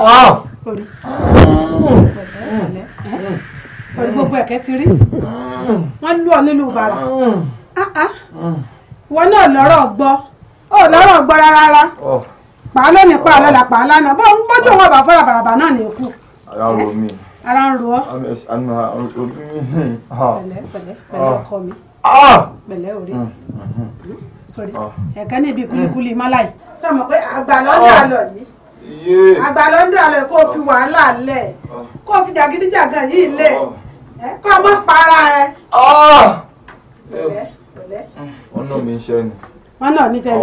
Ah! orí orí gbogbo ẹ̀kẹ́ ti rí wọ́n lù ọ nílùú bàrà ah, ah. wọn náà lọ́rọ̀ gbọ́ ò lọ́rọ̀ gbọ́ rárá oh. pàá lónìí pàá lọ́la oh. pàá lánàá bó ń gbójú wọn bá fọ́ra bàràbà náà ní ikú. ara ń ro mi. ara ń ro ọ. àmì orí mi. pẹ̀lẹ́ pẹ̀lẹ́ pẹ̀lẹ́ ọkọ mi. pẹ̀lẹ́ orí mm, mm, mm. ẹ̀ka níbi kúlíkúlí máláì. sọ ma pé àgbà lọ́jà lọ yìí. àgbà ló kó fi ah. wàhálà lẹ̀ ah. kó fi jàgídíjàgan yìí ah. lẹ̀ kó para ẹ. ọ̀nà mi ń ṣe ni wọn náà ní sẹni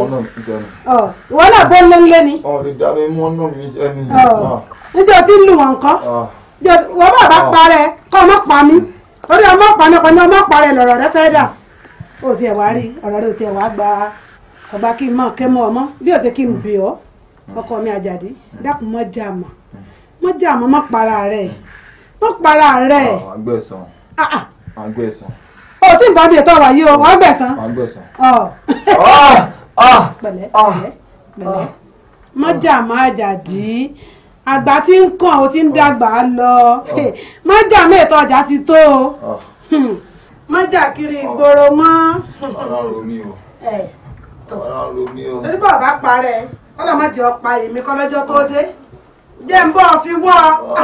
ìwọ náà bó lélẹ ni. ìdá mi mú ọ̀nà mi sẹni. níjẹ́ o ti ń lù wọ́n nǹkan wọ́n bá bá parẹ́ kọ́ ọmọ pa mí hmm. orí ọmọ pa mí ọkùnrin ọmọ parẹ́ lọ̀rọ̀ rẹ fẹ́ dà o tiẹ̀ wá rí ọ̀rọ̀ rẹ o tiẹ̀ wá gba ọba kí n mọ̀ ọmọ bí o ti kí n bì ọ́. ọkọ mi àjàdí dákun mọ́ jà mọ́ mọ́ jà mọ́ mọ́ para rẹ̀ mọ́ para rẹ̀. Ah, àgbẹ̀sán ah, ah. àgbẹ̀sán. o tí n bá mi ètò ọ̀rọ̀ yìí o wọ́n gbẹ̀sán. àgbẹ̀sán. pẹ̀lẹ́ pẹ̀lẹ́ mọ́ jà mọ́ àjàdí àgbà tí ń kàn ó ti ń dàgbà lọ mọ́ jà mọ́ ètò ọjà ti tó o hmm. mọ́ jà kiri ìgboro mọ́. ọ̀rọ̀ ro mi o eh. ọ̀rọ̀ mi o. torí bàbá parẹ́ kọ́lọ́ má jẹ́ ọ̀pá èmi kọ́ lọ́jọ́ tó dé jẹ́ ń bọ́ fi wọ́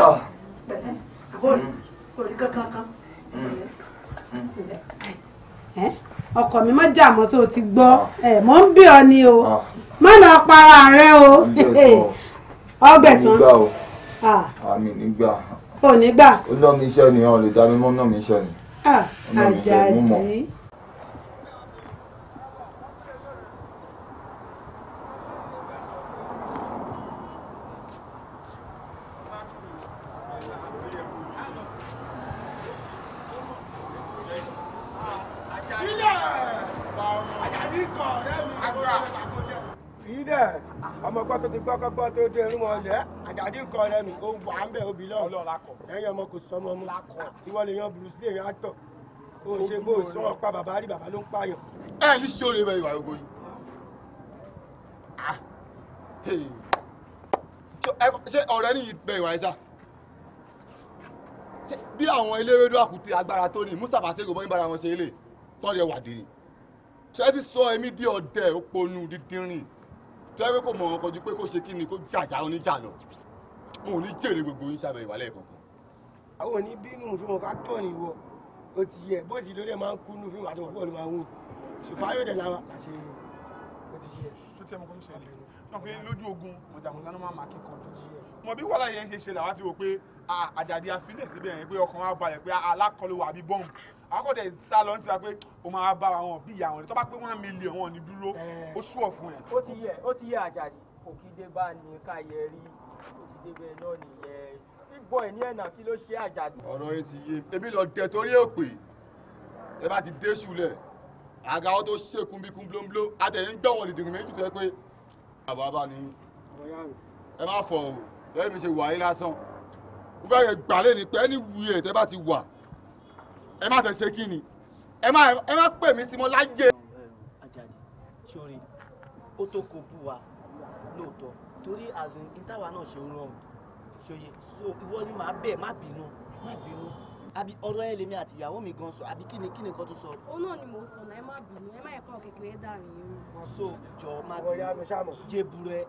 ọ. àbórí orí kankan kan mm. ọkọ mi má jà mọ́ sóò ti gbọ́ ah. ẹ̀ mọ́ ń bí ọ ni o ah. má lọ para rẹ o ọgbẹ̀sán àmì nígbà ò nígbà ah. ó ná mi iṣẹ́ ni ọ̀ lè dá mi mọ́ ná mi iṣẹ́ ni. àjàjì. tó ti gbọ́kọ́gbọ́ tó dé irú wọn lẹ́ àjàdí kọ rẹ mi ó wà ń bẹ̀ obì lọ́wọ́ lẹ́yìn ọmọ kò sọmọ mu ìwọ lè yan Bruce Lee yan atọ o ṣe bó o sọ ọ̀pá bàbá rí bàbá ló ń pààyàn. ẹ ní sí oore bẹ́ẹ̀ ìwà gbogbo yìí ah. ṣé ọ̀rẹ́ ní ìbẹ̀ ìwà ẹ̀ṣá bí àwọn eléwédú àkùtì agbára tó ní Mustapha sego bọ́ níbàrà wọn ṣe é lè tọ́jú ẹwà dé ni ṣé ẹ ti sọ ẹmí di ọ̀dẹ̀ òponu dídínrín tẹ́wé kò mọ̀ ọ́n kọjú pé kó ṣe kí ni kó jàjà oníjà lọ mo ò ní jèrè gbogbo yín sábẹ́ ìwàlẹ̀ kankan. àwọn òní bínú fún wọn ká tọ̀ ní wọ o ti yẹ bó sì lórí ẹ máa ń kú nú fún àti wọn bọ́ọ̀lù máa ń wù ṣùgbọ́n ayọ̀dẹ̀ làwọn àṣẹ yìí o ti yẹ. sotí ẹmu kò ń ṣẹlẹ̀ wọn pe lójú ogun mọ̀jàmọ̀sá ló máa máa kíkọ́ ojú ti yẹ. mọ bí wàhálà yẹn ṣe ṣẹlẹ̀ àwa ti rò pé àjàdí afilẹ̀ síbẹ̀ yẹn pé ọkàn wa balẹ̀ pé alákọlù wà bí bọ́ọ̀mù akọ̀dẹ̀ sá lọ ní tiwa pé o máa bá àwọn bí ìyá wọn tó bá pé one million wọn ni dúró ó sú ọ̀ fún ẹ. ti yẹ ó ti yẹ àjàdì kò kí dé bá ní káyẹ rí ó ti dé bẹ́ẹ̀ náà nìyẹn bíbọ̀ ẹ̀ ní ẹ̀nà kí ló ṣe àjàdì. ọ̀rọ̀ yẹn ti yé ebi lọ tẹ torí èpè ẹ bá ti dé ṣùlẹ̀ àga wọn tó ṣèkún bíkún blóńbló àtẹ̀yìn gbẹ̀wọ̀n dìdìrín méjì tó yẹ pé àbọ̀ abá ni ẹ má fọ̀ o lẹ́yìn mi ṣe wà yín lásán mo fẹ́ gbàlẹ́ ni pé ẹni wuyẹ̀ tẹ́ bá ti wà ẹ má tẹ̀ ṣe kí ni ẹ má ẹ má pè mí sí mo lájẹ. Àjàdí sórí ó tó kó bú wa lóòótọ́ torí àzìn ìtawà náà ṣe ń rọrùn ṣòye ìwọ ni màá bẹ̀ má bínú má bínú àbí ọ̀rọ̀ ẹ lèmi àti ìyàwó mi gan sọ àbí kí ni kí ni nǹkan tó sọ. òun náà ni mò ń sọ náà ẹ má bínú ẹ má yẹ kọ́ kékeré dàrin irú. wọn so jọ má bínú jẹ burẹ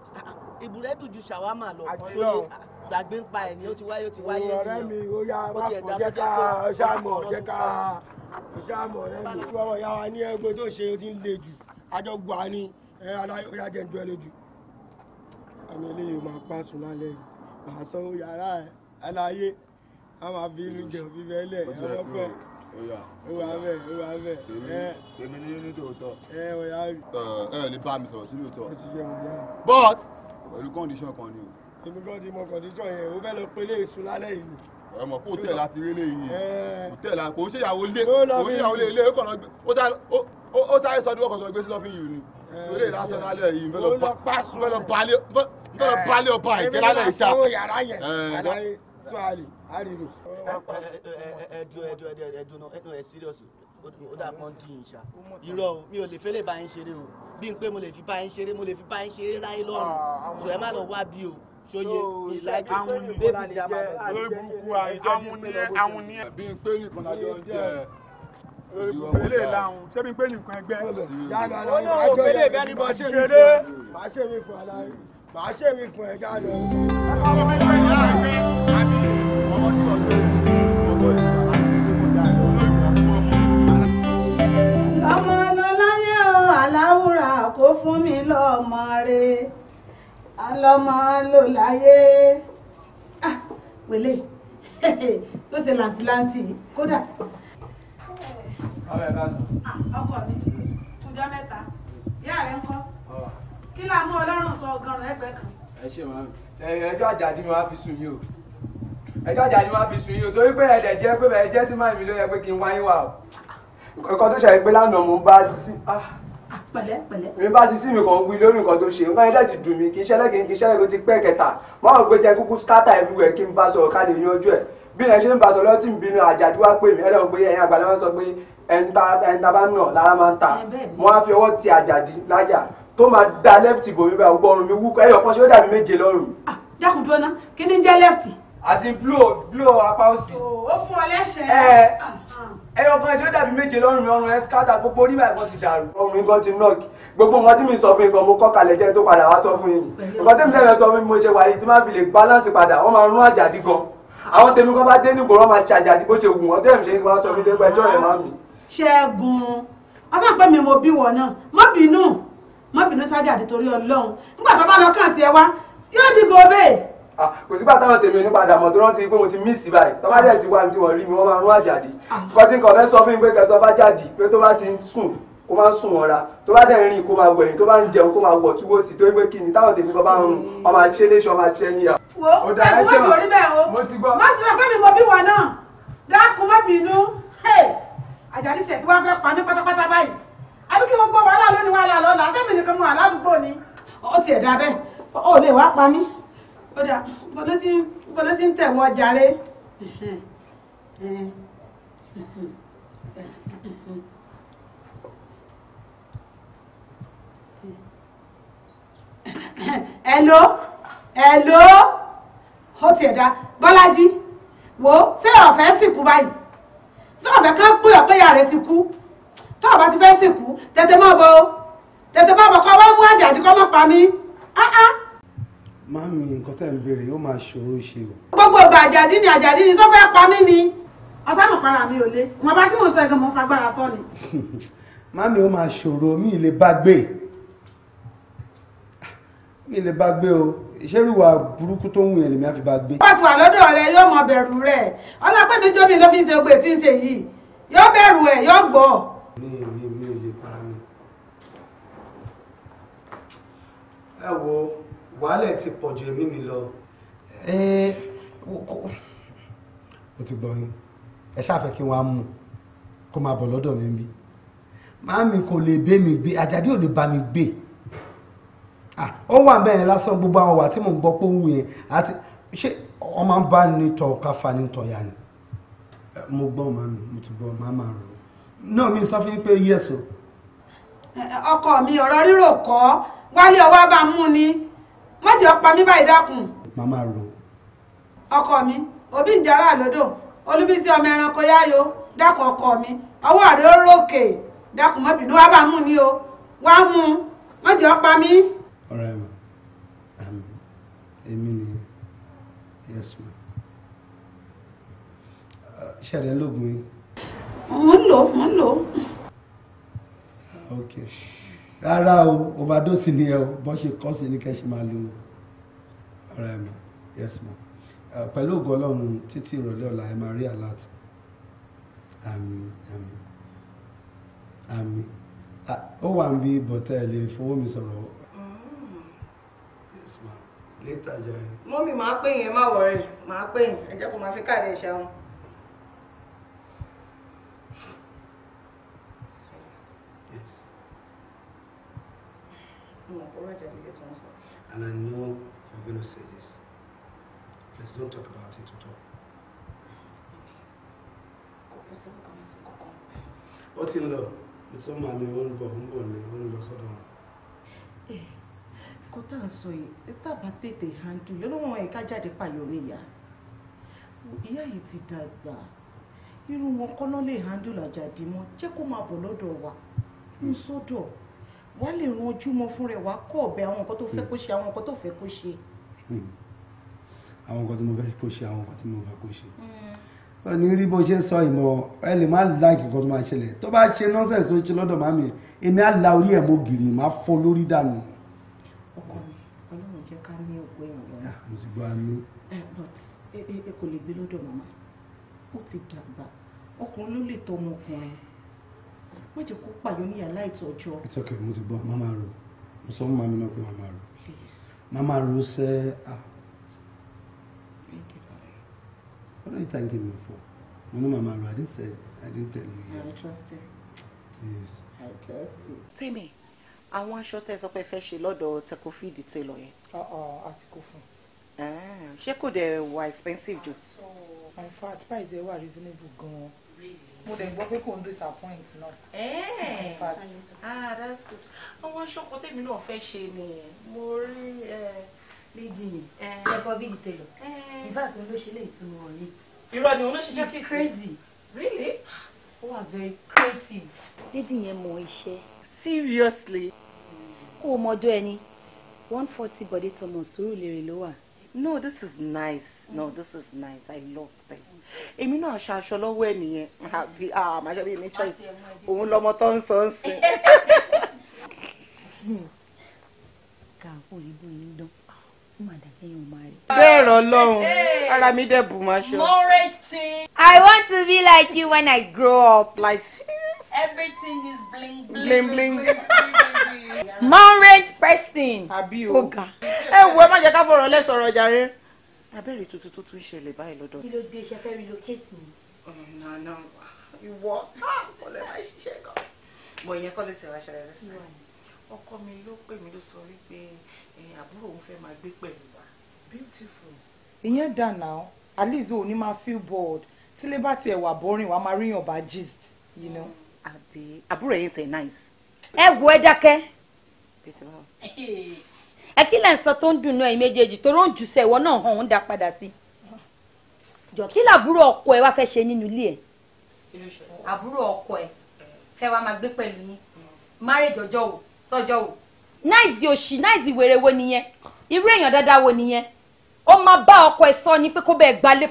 ìbúrẹ́ dùn ju ṣàwámà lọ ah, gbàgbé ń pa ẹ̀ ni ó ti wáyé ó ti wáyé ọ̀rẹ́ mi ó yá má jẹ́ ká ṣàmọ̀ jẹ́ ká ṣàmọ̀ rẹ́ mi tí wọ́n wa ní ẹgbẹ́ tó ṣe ti ń le jù àjọ gbà ni ẹ aláyọ̀ jẹ́ ń a máa fi inú jẹ òbí bẹ́ẹ̀ lẹ̀ àwọn ọkọ ìwà bẹ́ẹ̀ ìwà bẹ́ẹ̀. èmi ní ní tòótọ́. ẹ ẹ ọ̀yà rí. ẹ ẹ lè bá mi sọ̀rọ̀ sí lóòótọ́. ó ti yẹ ọ̀yà. but pẹ̀lú condition kan ni o. èmi kan ti mọ condition yẹn o fẹ́ lọ pe ilé ìsun lálẹ́ yìí. ẹ mọ̀ kó tẹ̀ láti rí lé yìí kó tẹ̀ la kò ń ṣèyàwó lé kò ń ṣèyàwó lé ilé ó kàn lọ ó sáré sọdún ọkọ̀ sọ̀rọ̀ gbé sí lọ́fíìn yìí ni torí ìlàsọ̀ lálẹ́ yìí ń fẹ́ lọ balẹ̀ ọba ìkẹ́lálẹ̀ ìṣá. ẹ ẹ tó yàrá yẹn àdáyé tó àlè àrìrì. ẹdùn ẹdùn ẹdùn ẹdùn ẹdùn serious ó dà pọ́n dín in ṣá irọ́ o mi ò lè fẹ́lẹ̀ bá yín ṣeré o bí n pé mo lè fi bá yín ṣeré mo lè fi bá yín ṣeré láyé lọ́rùn ṣùgbọ́n ah, ẹ má lọ wá bí o sóye ìlàjì bébì tí a máa lọ. olórí burúkú àmúniẹ àmúniẹ. bí n pé nìkan lájọ ń jẹ pele lahun ṣé mi pé nìkan ẹgbẹ́. olóòwò pele bẹ́ẹ̀ ni mo ṣe mi fún ẹ. màá ṣe mi fún ẹ màá ṣe mi fún ẹ jáde. fún mi lọ́mọ rẹ alọ́mọ ló láyé ah tó ṣe làǹtìlàǹtì kódà. Ah, ọkọ mi ọjọ́ mẹ́ta ìyá rẹ̀ ń kọ́ kí mú ọlọ́run fi sùn o ẹjọ́ àjàdí fi sùn yìí o torí pé ẹ̀dẹ̀ jẹ́ pé sí máa mi ló yẹ pé kí n wáyé wà o ẹ̀kọ́ tó ṣàyẹ̀ lánàá bá sí pẹ̀lẹ́pẹ̀lẹ́. mi bá ti sí mi kàn ń wí lórí nǹkan tó ṣe nǹkan ẹlẹ́tì dùn mí kì í ṣẹlẹ̀ kì í ṣẹlẹ̀ kó ti pẹ́ kẹta báwo pé jẹ́ kúkú scatter everywhere kí n bá sọ̀rọ̀ ká lè yanjú ẹ̀ bí ẹ ṣe ń bá sọ lọ́tì ń bínú àjàdí wá pè mí ẹ̀rọ pé ẹ̀yin àgbàlẹ̀ wọn sọ pé ẹ̀ńtà bá nà lára máa ń ta mo wá fi ọwọ́ ti àjàdí láyà tó máa da lẹ́fìtì bò mí bá gbọ́ ọrùn mi wú ẹ̀yọ̀ kan ṣe ó dàbí méje lọ́rùn. Ah, dákun dúró náà kí ni jẹ́ lẹ́fìtì. àti blow blow apá òsì. Oh, ó ẹyọ kan ìdúró dàbí méje lọ́rùn mi ọrùn ẹ skátà gbogbo orí báyìí kan ti dàrú. ọrùn nǹkan ti nọ́ọ̀kì gbogbo nǹkan tí mi sọ fún ikọ̀ mo kọ́ kalẹ̀ jẹ́ tó padà wá sọ fún yín nǹkan tẹ́mi tẹ́mi sọ fún mi mo ṣe wáyé tí máa fi lè balance padà wọ́n máa rún àjàdí gan àwọn tèmi kan bá dé nígbò wọ́n máa ṣàjàdí bó ṣe wù wọ́n tẹ́mi ṣe wá sọ fún mi ẹjọ́ rẹ̀ máa mi. ṣẹ́gun ọ̀sán Ah, kò sí pàtàkì tèmi onípadà mọ̀ tó rántí pé mo ti mí sí báyìí tọ́ba dẹ̀ ti wá ní tí wọ́n rí mi wọ́n máa ń rún àjàdì ah. kọ́ tí nǹkan fẹ́ sọ fún mi pé kẹsàn-án bá jáde pé tó bá ti sùn kó máa ń sùn wọn ra tó bá dẹ̀ ń rìn kó máa wẹ̀yìn tó bá ń jẹun kó máa wọ̀ túwó sí tó ń pé kí ni táwọn tèmi kan bá ń rún ọmọ àṣẹ léṣe ọmọ àṣẹ níyà. wo sẹ́gun má torí bẹ́ẹ̀ o mo ti gbọ́ kódà bọ́dọ̀ tí ń tẹ̀ wọ́n jàre. hello hello ó tiẹ̀ dá bọ́lájí wo ṣé ọ̀fẹ́ sìnkú báyìí ṣé ọ̀fẹ́ kan pé ọ̀pẹ́yà rẹ̀ ti kú Tá o bá ti fẹ́ sìnkú tètè mọ́ bo tètè mọ́ bo kọ́ wọ́n mú àjàdí kọ́ mọ́ pa mí. Ah, ah. Mami, nǹkan tẹ́ ń béèrè yóò máa ṣòro ṣe o. Gbogbo ìgbà àjàdí ni àjàdí ni tó fẹ́ pa mí ni. Ọ̀sán para mi ò lé. Mo bá tí mo sọ ẹ̀gán mo fagbára sọ ni. Mami ó máa ṣòro mi lè bá gbé. Mi lè bá gbé o. Ìṣerúwà burúkú tó ń wù yẹn lèmi á fi bá gbé. Wọ́n ti wà lọ́dọ̀ rẹ yóò mọ bẹ̀rù rẹ̀. Ọlọ́pẹ́ mi jóni ló fi ṣe ogbè tí ń ṣe yìí. Yóò bẹ̀rù ẹ̀ yóò gbọ́. Ẹ wo wàhálẹ̀ ti pọ̀ ju ẹ̀mí mi lọ. ẹ ẹ o ti gbọ́ yín ẹ ṣáfẹ́ kí wọ́n á mú kó máa bọ̀ lọ́dọ̀ mi bí màámi kò lè bẹ́ mi gbé àjàdí ò lè bá mi gbé ó wà bẹ́ẹ̀ lásán gbogbo àwọn wà tí mò ń gbọ́ pé òun yẹn àti ṣé ọmọ bá ní tọ káfa ní tọ ni mo gbọ́ màámi mo ti gbọ́ màámi rò ó náà mi sọ fún yín pé yẹ̀sọ̀. ọkọ mi ọ̀rọ̀ rírò kọ́ wálé ọwọ́ bá mú ni má jẹ́ ọ̀pá mi báyìí dákun. màmá ro. ọkọ mi òbí ń jara àlódò ẹranko yáyó dákun ọkọ mi ọwọ́ rẹ̀ ó rókè dákun má bínú ni o wá mú má jẹ́ ọ̀pá mi. ọ̀rẹ́ mi èmi ni yes ma ṣẹlẹ̀ lóògùn yìí. mo ń lò mo ń lò. Ah, okay. rárá o overdose ni ẹ o bọ́n ṣe kọ́ sí ni kẹ́ ṣe máa lo ara mi yes ma pẹ̀lú ògo ọlọ́run títí ìrọ̀lẹ́ ọ̀la ẹ máa rí alert àmín àmín àmín ó wà ń bí bọ̀tẹ́ ẹ lè fowó mi sọ̀rọ̀ yes ma mọ́mí máa pè yín ẹ má wọ̀rẹ́ máa pè yín ẹ jẹ́ kó máa fi káàdì ìṣẹ́ wọn. ọ̀rọ̀ ẹ̀jẹ̀ lè tó And I know you're gonna say this. Please don't talk about it at all. Kò in sí It's sí kankan. Ó ti ń lọ, ìsọ́mọ mi ò ń bọ̀ ń bọ̀ soi. Ita batete lọ sọ́dọ̀ wọn. Nǹkan tá à ń sọ yìí, tábà tètè handle yìí, olóhùn ẹ̀ka jáde pààyàn ní ìyá. Ìyá yìí ti dàgbà irú wọn handle àjàdí mọ́ jẹ́ kó máa wa ń sọ́dọ̀ wàá lè ran ojúmọ́ fún rẹ̀ wàá kọ́ ọ̀bẹ àwọn nǹkan tó fẹ́ kó ṣe àwọn nǹkan tó fẹ́ kó ṣe. Hmm. àwọn nǹkan tí mo fẹ́ kó ṣe àwọn nǹkan tí mo fẹ́ kó ṣe. Hmm. ọ ní rí bó ṣe ń sọ ìmọ̀ ẹ lè má láìkì nǹkan tó máa ṣẹlẹ̀ tó bá ṣe nọ́sẹ̀sì tó ṣe lọ́dọ̀ màmí èmi á la orí ẹ̀ mọ́ gìrì má fọ́ lórí dànù. ọkọ ọlọ́run jẹ́ ká ní òkú ah, eh, e, e, e èèyàn má jẹ́ kó pààyàn ní yàrá ìtọ́jọ́. it's okay mo ti gbọ́ màmá ro mo sọ fún màmí náà pé màmá ro màmá ro sẹ́ ah what are you thanking me for mo ní màmá ro i didn't say i didn't tell you yes. i trust you. yes. i trust you. tèmi àwọn aṣọ tẹ sọ pé fẹ́ ṣe lọ́dọ̀ tekofidi tailor yẹn. ọ̀ọ́ uh-uh, àti kò fún. Ah, ṣé kò dẹ̀ wà expensive jù. in fact price ẹ wà reasonable gan-an mo dẹ̀ gbọ́ pé kò ń disappoint náà. Eh, ah that's good àwọn aṣọ́kọ tèmi náà fẹ́ ṣe ni mo rí eh, lady yẹn ẹ̀kọ́ bíi tẹ̀lọ̀ in fact òun ló ṣe léyìí tí mo rí. irọ́ ni òun ló ṣiṣẹ́ sí crazy really ó wà very creative. lady yẹn mọ iṣẹ́. seriously. kó o mọjọ́ ẹni one forty body thomas sùúrù lérè ló wà no this is nice no this is nice i love this èmi náà ṣe aṣọ lọ́wọ́ ẹ̀ nìyẹn àbí ah, àmà ah, ṣe bí mi choice òun lọmọ tó ń sọ ń sìn. kàǹkó rí bó yín dán fún màdàkẹ́ yóò máa rí. bẹ́ẹ̀ rọ lọ́hùn ara mi dẹ̀ bù máa ṣọ. I want to be like you when I grow up. like you everything is bling bling bling bling married person ọ̀gá. ẹ wo ẹ má jẹ ká fọ̀rọ̀ lẹ sọ̀rọ̀ jàre abẹ́rẹ́ tuntun tó tún ṣẹlẹ̀ báyìí lọ́dọ̀. kí ló dé ṣe fẹ́ relocate ni. ọ̀nà náà ìwọ ọ̀lẹ́ ah, máa ṣiṣẹ́ kan. bọ̀ ìyẹn kọ́ ló ti wá ṣẹlẹ̀ lẹ́sẹ̀. ọkọ mi ló pè mí ló sọ wípé àbúrò òun fẹ́ máa gbé pẹ̀lú wa beautiful. ìyẹn dà náà alice ò ní máa feel bored tílé bá tiẹ̀ wà boring wàá máa ríyàn bá gist. You know? Mm. àbúrò yẹn tẹ̀ náìsì. tó ń dùn ẹ méjèèjì tó ló ń jù náà hàn ń dá padà ọkọ ẹ wá ṣe nínú ilé ẹ àbúrò ọkọ ẹ fẹ wá máa gbé yín wo wo. náìsì òṣì náìsì wo nìyẹn irú èèyàn dáadáa wo nìyẹn ó máa bá ọkọ ẹ sọ ni pé kó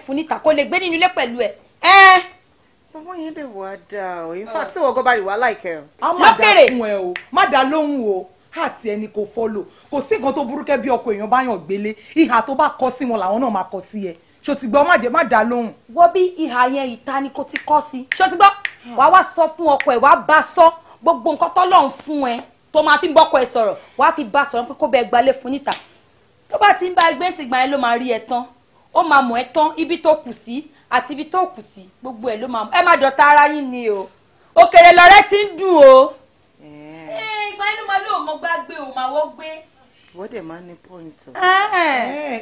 fún níta kó lè owó yẹn lè wá dáa o in ah. fact tí wọ́gọ́ bá rí wá láìkẹ́ o. a má kéré fún ẹ o má dá lóhùn o àti ẹni kò fọ́lò kò sí nǹkan tó burúkẹ́ bí ọkọ èèyàn bá yàn gbélé ìhà tó bá kọ sí wọn làwọn náà máa kọ sí ẹ ṣòtìgbọ́ má jẹ́ má dá lóhùn. wo bí ìhà yẹn ìta ni kò ti kọ́ sí ṣòtìgbọ́ ah. wàá wá sọ fún ọkọ ẹ wàá bá sọ gbogbo nǹkan tọ́lọ́run fún ẹ tó máa fi ń bọ́kọ ẹ sọ̀rọ̀ wàá fi bá sọ̀rọ̀ pé kó bẹ gbalẹ̀ fún níta tó bá ti ń bá ẹgbẹ́ ìsìgbà yẹn ló máa rí ẹ tán ó máa mọ̀ ẹ tán ibi tó kù sí àti ibi tó kù gbogbo ẹ̀ ló máa mú ẹ ara yín ni o òkèrè lọ́rẹ́ ti ń dùn o. ìgbà inú máa lóò mọ gbàgbé o máa wọ́ gbé. wọ́n máa ní pọ́ǹtì.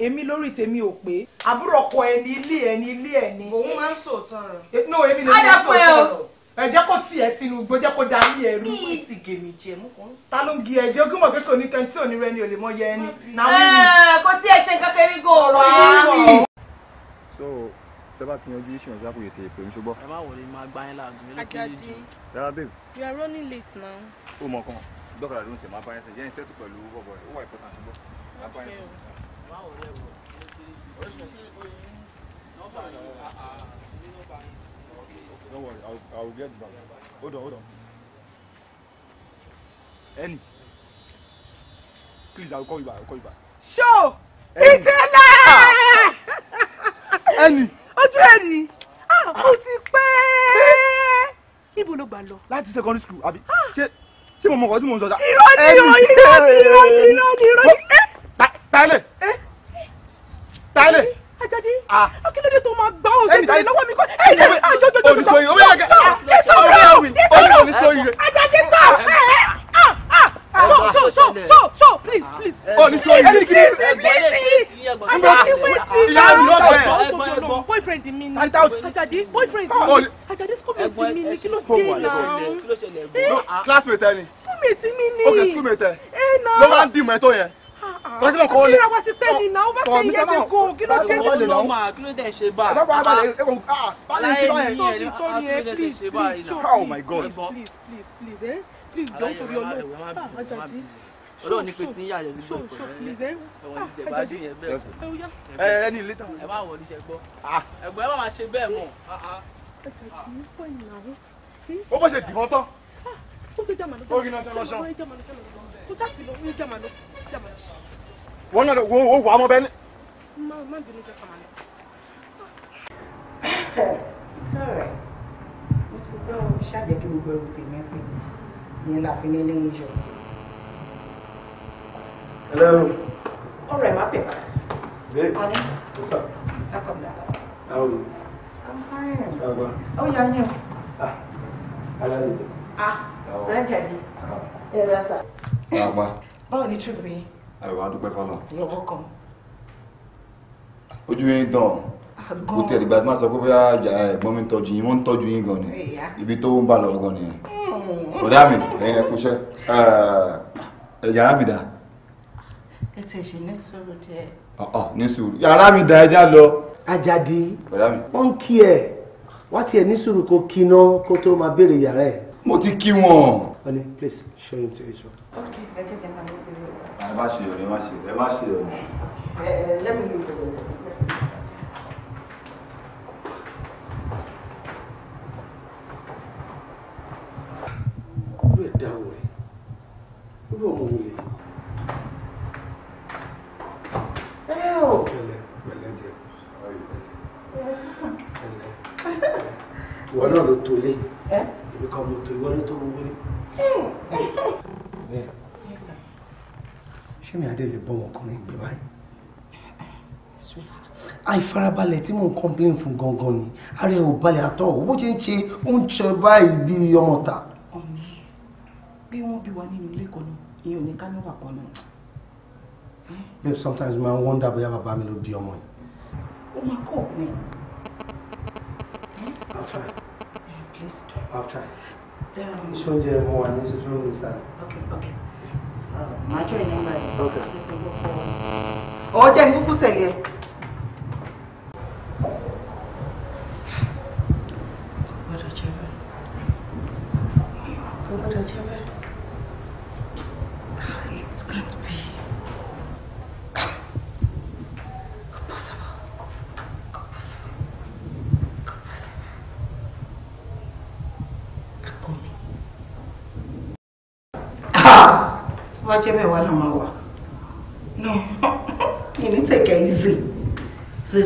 èmi lórí tèmi ò pé àbúrò ọkọ ilé ẹni ilé ẹni. òun máa ń sòótọ́ rẹ̀. E, no èmi lè máa sòótọ́ rẹ̀ ẹ jẹ́ kó tiẹ̀ sínú igbó jẹ́ kó darí ẹrú ti gèmí jẹ mú kàn. ta ló ń gi ẹjẹ kékeré oníkan tí òní tẹ́ bá ti yanjú iṣu yẹn sáfù yètè pè mí ṣùgbọ́. ẹ má wọlé máa gbá yín láàdùn mi lókè lè jù. yàrá you are running late now. ó mọ kan dọ́kàrà ló ń tẹ̀ máa bá yẹn sìn yẹn sẹ́tù pẹ̀lú bọ̀bọ̀ rẹ̀ ó wà important ṣùgbọ́. máa bá yẹn sìn. má wọlé wọ Don't worry, I'll, I'll get back. Hold on, hold on. Any. Please, I'll call you back. I'll call you back. Show! Any. It's ojú ẹ̀ rí ó ti pẹ́ ibo ló gbà lọ. láti secondary school àbí ṣé ṣé mo mọ ọkọ tí mo ń sọ sá. irọ́ ni o irọ́ ni irọ́ ni irọ́ ni irọ́ ni. tálẹ̀ tálẹ̀. ajadi akíndélé tó máa gbá òsè tó lọ́wọ́ mi kọ́ ẹ̀yìn àjọjọjọjọ sọ sọ sọ sọ sọ ajadi sọ show, show, show, show, show, please, please. Oh, this one, please, please, please. I'm not waiting. Yeah, you know Boyfriend mi ni. Ajadi, boyfriend ah, mi. Ajadi oh, eh, ah. schoolmate mi ni. Kí ló you, na? Classmate ni. Schoolmate You ni. Okay, schoolmate. Eh na. Ló máa ń dì mọ́ ẹ tó yẹn kọ́sí ah, mọ̀ kọ́ lé. kíra wa ti pẹ́ nìyà ó bá fẹ́ yẹ ṣe go kí ló dé tó lọ. kí ló dé ṣe bá. ẹ bá bá balẹ̀ ẹ kò ah please please please please eh? please please please jọ nítorí ọlọ́run àjàdí ah, ọlọ́run ní pé tí ń yà jẹ́ sí bẹ́ẹ̀ ẹ̀wọ̀n ti jẹ̀bá dín yẹn bẹ́ẹ̀ ẹ eh, ní létà ẹ má wọ ní ẹ̀gbọ́n ẹ má máa ṣe bẹ́ẹ̀ mọ́. Eh, ah, ah. ó bó ṣe dìbọn tán ó rí iná tó lọ́sàn. wọ́n náà wo wo wà á mọ́ bẹ́ẹ̀ ni. sọ̀rọ̀ mo ti gbọ́ ṣáàjẹ́ gbogbo ẹrù tèmi pè ìyẹn la fi ní ní yíyọ. hello. ọ̀rọ̀ ẹ má pè báyìí. babe Annie. what's up. welcome dada. how are you. i'm fine. how oh, ah, ah, are you. ó yà yín o. ah alálejò. ah rẹ jàdí. ẹ rà sà. báwa. báwo ni trip mi. àìwá dúpẹ́ fọlọ. you're welcome. ojú yín dán kò tẹ̀ ìgbà tí wọ́n sọ pé bóyá ẹ̀gbọ́n mi tọ́jú yín wọ́n ń tọ́jú yín gan ni ibi tó ń bà lọ gan ni hmm. ọ̀dà mi ẹ̀yin ẹ̀kú iṣẹ́ yàrá mi dà. ẹ tẹ̀ ṣe ní sùúrù díẹ̀. ọ̀ọ́ ní sùúrù yàrá mi dà ẹja lọ. Ajadi ó ń kí ẹ wá tiẹ̀ ní sùúrù kó kiná kó tó máa béèrè yàrá ẹ̀. mo ti kí wọn. honey please show him to his room. ok ẹ jẹ́ kí n máa ń gbé e. ẹ má ṣe ọ̀rẹ́ má ṣe ọ̀rẹ́ má ṣe ọ̀rẹ́. ẹ ẹ lẹ́mìí ló ń bọ̀. irú ẹ̀dá wo rẹ̀ irú ọmọ wo lè yí. ìwọ náà ló tó lé èmi kan mo tó ìwọ ló tó wọlé lé. ṣé mi adé lè bọ́ ọmọkùnrin gbé báyìí àìfarabalẹ̀ tí mò ń complain fún gangan ni ara ẹ̀ ò balẹ̀ àtọ̀ bó ṣe ń ṣe ó ń ṣe báyìí bí ọmọ ta. ká ló wà babe sometimes you man wonder bóyá bàbá mi ló bí ọmọ yìí. ó máa kọ́ ọ̀pẹ. I'll try. Yeah, please try. I'll try. ṣé um, oúnjẹ mo wà okay okay. màá um, jọ ìyẹn báyìí. okay. ọ̀ọ́dẹ́ ń kúkú tẹ̀lé ẹ. bá jẹ́ bẹ́ẹ̀ wá náà máa wà no you need take it easy so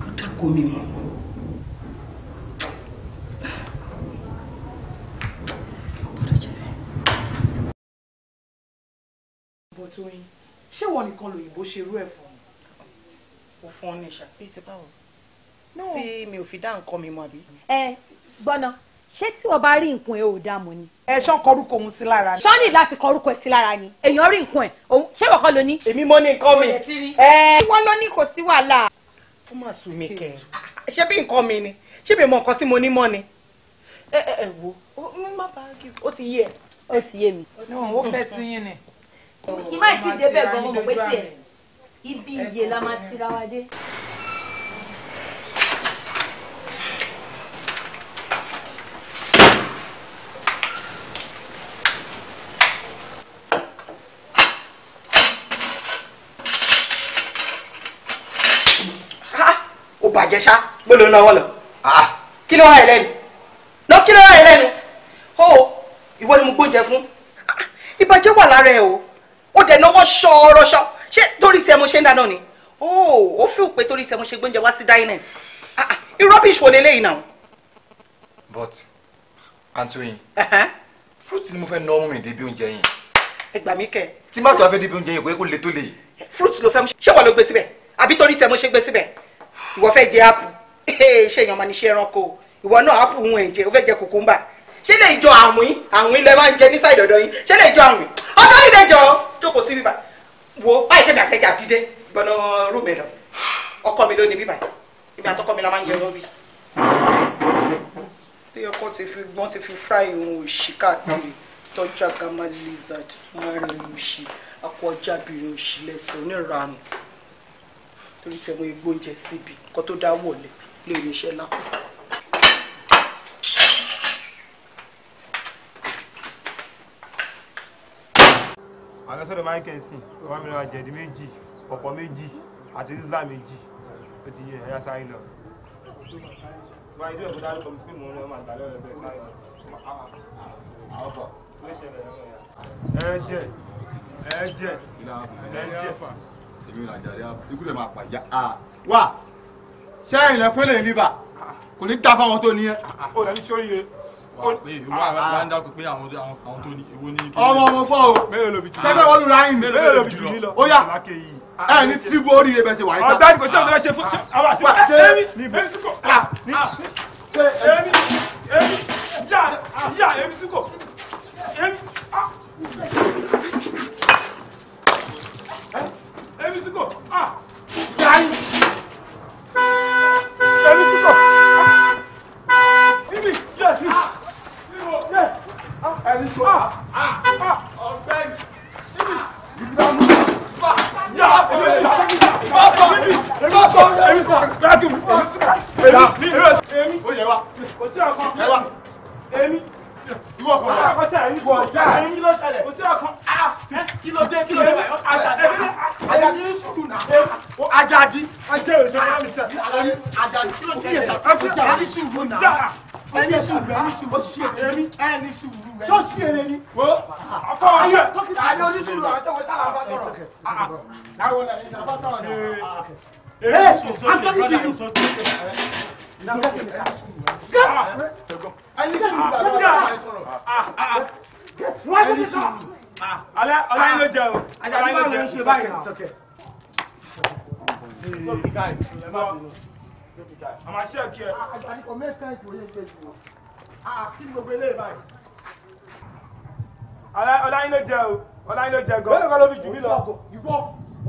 O ó dàgọ́ mi mọ́. Tóyìn ṣé wọn nìkan lòyìnbó ṣerú ẹ̀ fún un ò fún ọ ní ìṣàpètì báwọn tí mi ò fi dá nǹkan mi mọ̀ àbí. ẹ gbọ́nà ṣé tí wọ́n bá rí nǹkan ẹ ò dá mọ̀ ni. ẹ ṣán kọrúkọ òun sí lára ni. ṣọ́ọ̀nì láti kọrúkọ ẹ sí lára ni èèyàn rí nǹkan ẹ òun ṣé wọ́n kọ́ ló ní. èmi mo ní nǹkan mi. wọ́n ló ní kò sí wàhálà. ó mà sùn mí kẹ́ ẹ ṣé bí nǹkan mi ni ṣé bí mọ nǹkan tí mo ní mọ́ ni. ẹ ẹ wo má bá a o ti yé ẹ. ó ti yé mi. ó fẹ́ sí yín ni. kì í má ì tí ì débẹ̀ gan-an mo mọ̀ tiẹ̀ ibi ìyè la máa tira dé. Ah, ló lọ. kí ló wá ẹ lọ kí ló wá ẹ lẹ́nu ìwọ ni mo gbóúnjẹ fún. Ah, ìbàjẹ́ wà lára ẹ o ó dẹ̀ náwó ṣọ́ọ́rọ́ṣọ́ ṣé torí tí ẹ mo ṣe ń dáná ni o fi òpè torí tí ẹ mo ṣe gbóúnjẹ wá sí dáínà ah, irú rubbish wo leléyìí náà. but àǹtí oyin fruit ni mo fẹ́ nọ́ mú mi débi oúnjẹ yìí. ẹ gbà mí kẹ. tí má sọ wá fẹ́ débi oúnjẹ yìí kò yẹ kó le tó le yìí. fruit ló fẹ́ mu ṣé wọ́n ló gbé síbẹ̀ àbí torí tí ẹ mo ṣe gbé síbẹ̀ ìwọ fẹ́ jẹ apple iṣẹ́ eh, èèyàn máa ní iṣẹ́ ẹranko ìwọ náà ápù ń ẹ̀jẹ̀ ó fẹ́ jẹ kùkúmbà ṣé lè jọ àwìn àwìn lẹ máa ń jẹ ní sáì dọ̀dọ̀ yín ṣé lè jọ àwìn ọjọ́ nílẹ̀ jọ jókòó sí bíbà wo báyìí kẹ́mi àṣẹjà dídé gbọ́nà rúùmù ẹ̀dọ̀ ọkọ mi ló ní bíbà àtọkọ mi la máa ń jẹ lọ́bì bí ọkọ ti fi gbọ́n ti fi fry ohun òṣì káàkiri tọ́jú àgàmà lizard márùn òṣì akọ ọjà bìrì òṣì lẹ́sẹ̀ onírànù torí tẹ̀ mọ́ oúnjẹ síbi nǹkan tó dá wọlé lé oníṣẹ́ lápò. àwọn sọ́dọ̀ máa ń kẹ́sì wọ́n mi lọ́wọ́ jẹ̀dí méjì ọ̀pọ̀ méjì àti islam méjì ó ti yẹ ẹ̀yà sáré lọ. wọ́n á yí dúró ìgbésẹ̀ àlùkò fún mi lọ́wọ́ máa gbà lọ́wọ́ ẹ̀sẹ̀ sáré lọ. ẹ jẹ ẹ jẹ ẹ jẹ. èmi làjà rẹ ikú rẹ máa pàjá wa ṣé ẹ̀yìn lẹ pélé ní bá kò ní dá fáwọn tó ní ẹ. o dàbí sórí yẹ. wà á pé ìwọ àwọn dákú pé àwọn tó ní ìwọ ní. ọmọ ọmọ fọ o sẹgbẹ wọn lura yín mi ó yà ẹ ní síbu orí rẹ bẹ ṣe wà á sá. ọ̀dà ìkọ̀sí ọ̀dà ṣe fún àwọn àti ṣe é ní bẹ́ẹ̀ sùkọ̀. èmi èmi yà yà èmi sùkọ̀ èmi. èmi sùkọ̀. yà á yìí. ẹni tó ọ̀gbẹ́ni ìdààmú yà èmi sà bá bọ̀ èmi bá bọ̀ èmi sà dájú mi èmi sà èmi èmi ó yẹ wa kò sí ọkàn yẹ wa èmi ìwọ kọ ọ kọ sí ẹyin kọ ya ẹyin kí ló ṣẹlẹ̀ kò sí ọkàn kí ló dé kí ló dé ajadi ajadi ní sùúrù náà ajadi ajadi ajadi kí ló dé ajadi sùúrù náà ẹni sùúrù ẹni sùúrù ẹni sùúrù ṣọ́ọ̀ṣì èrè ni. wo ọkọ ayé àdé onísùúrù àtọwọ sábà bá sọ̀rọ̀. àwọn ọ̀nà bá sọ̀rọ̀ ni. ee antoni ti yu. ayi sùn gbàgbọ́ ayi sọ̀rọ̀. wọ́n ti sọ. alẹ́ ọ̀la yín ló jẹ o. ajá ni wọ́n lè ṣe báyìí àmàṣe kí ẹ. àjàdìkọ̀ mẹ́sàn-án ìwòye ṣe ìwò. àkíní gbogbo eléyìí báyìí ọláyin o ọláyin gan. bẹ́ẹ̀ ni kọ́ló fi jù mí lọ. ìwọ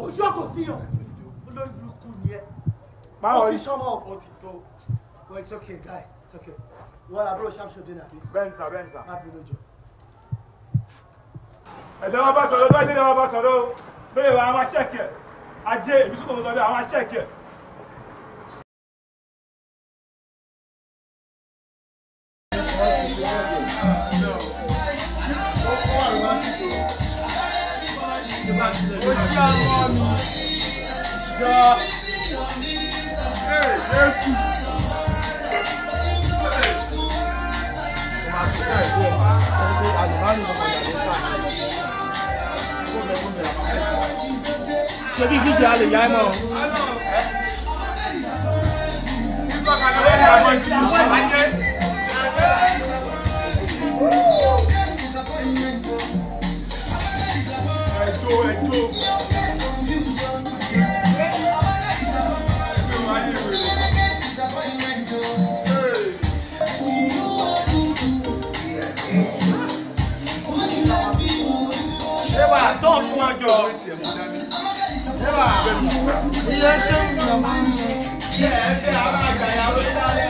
ojú ọkọ sí yàn olórí burúkú ni ẹ. máa wọlé ọkọ ìṣọmọ ọkọ ti tó well it's okay guy it's okay wọn àbúrò ṣàmṣọdé nàbí. bẹ́ǹsà bẹ́ǹsà. má bínú jọ. ẹ̀dọ́ wọn bá sọ̀rọ̀ bẹ́ẹ̀ ni wọn bá sọ̀rọ̀ bẹ́ẹ̀ wọn àwọn aṣẹ́kẹ̀ ajé ìbísùkò tó ṣe bí ìdíje a lè yá ẹ mọ́ o. Toma, João iye tó ń gbà wọ́n ń ṣe. ṣé ẹ fẹ́ alága ìyàwó ìdálẹ́.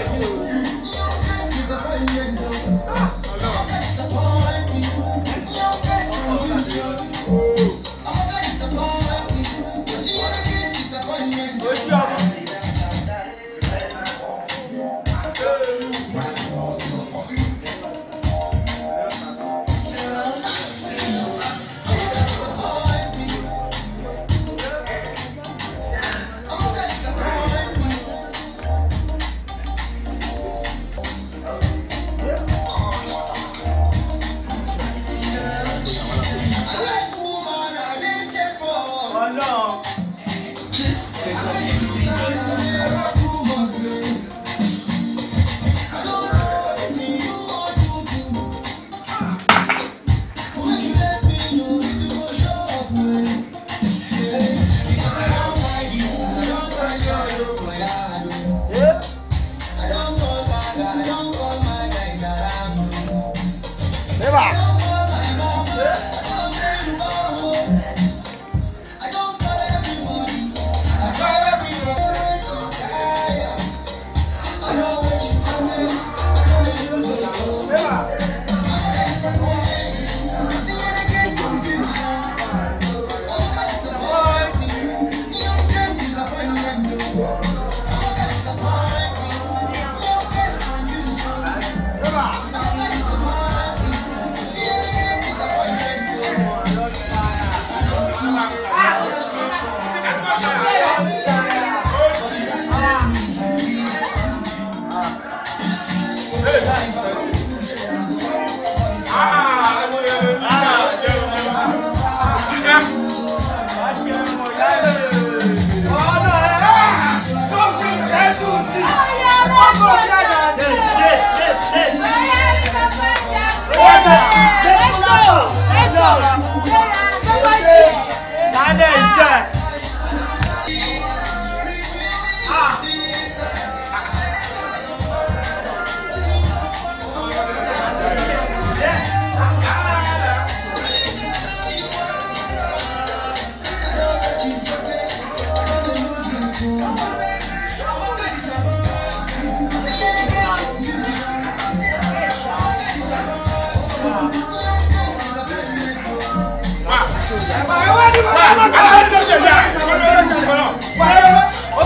No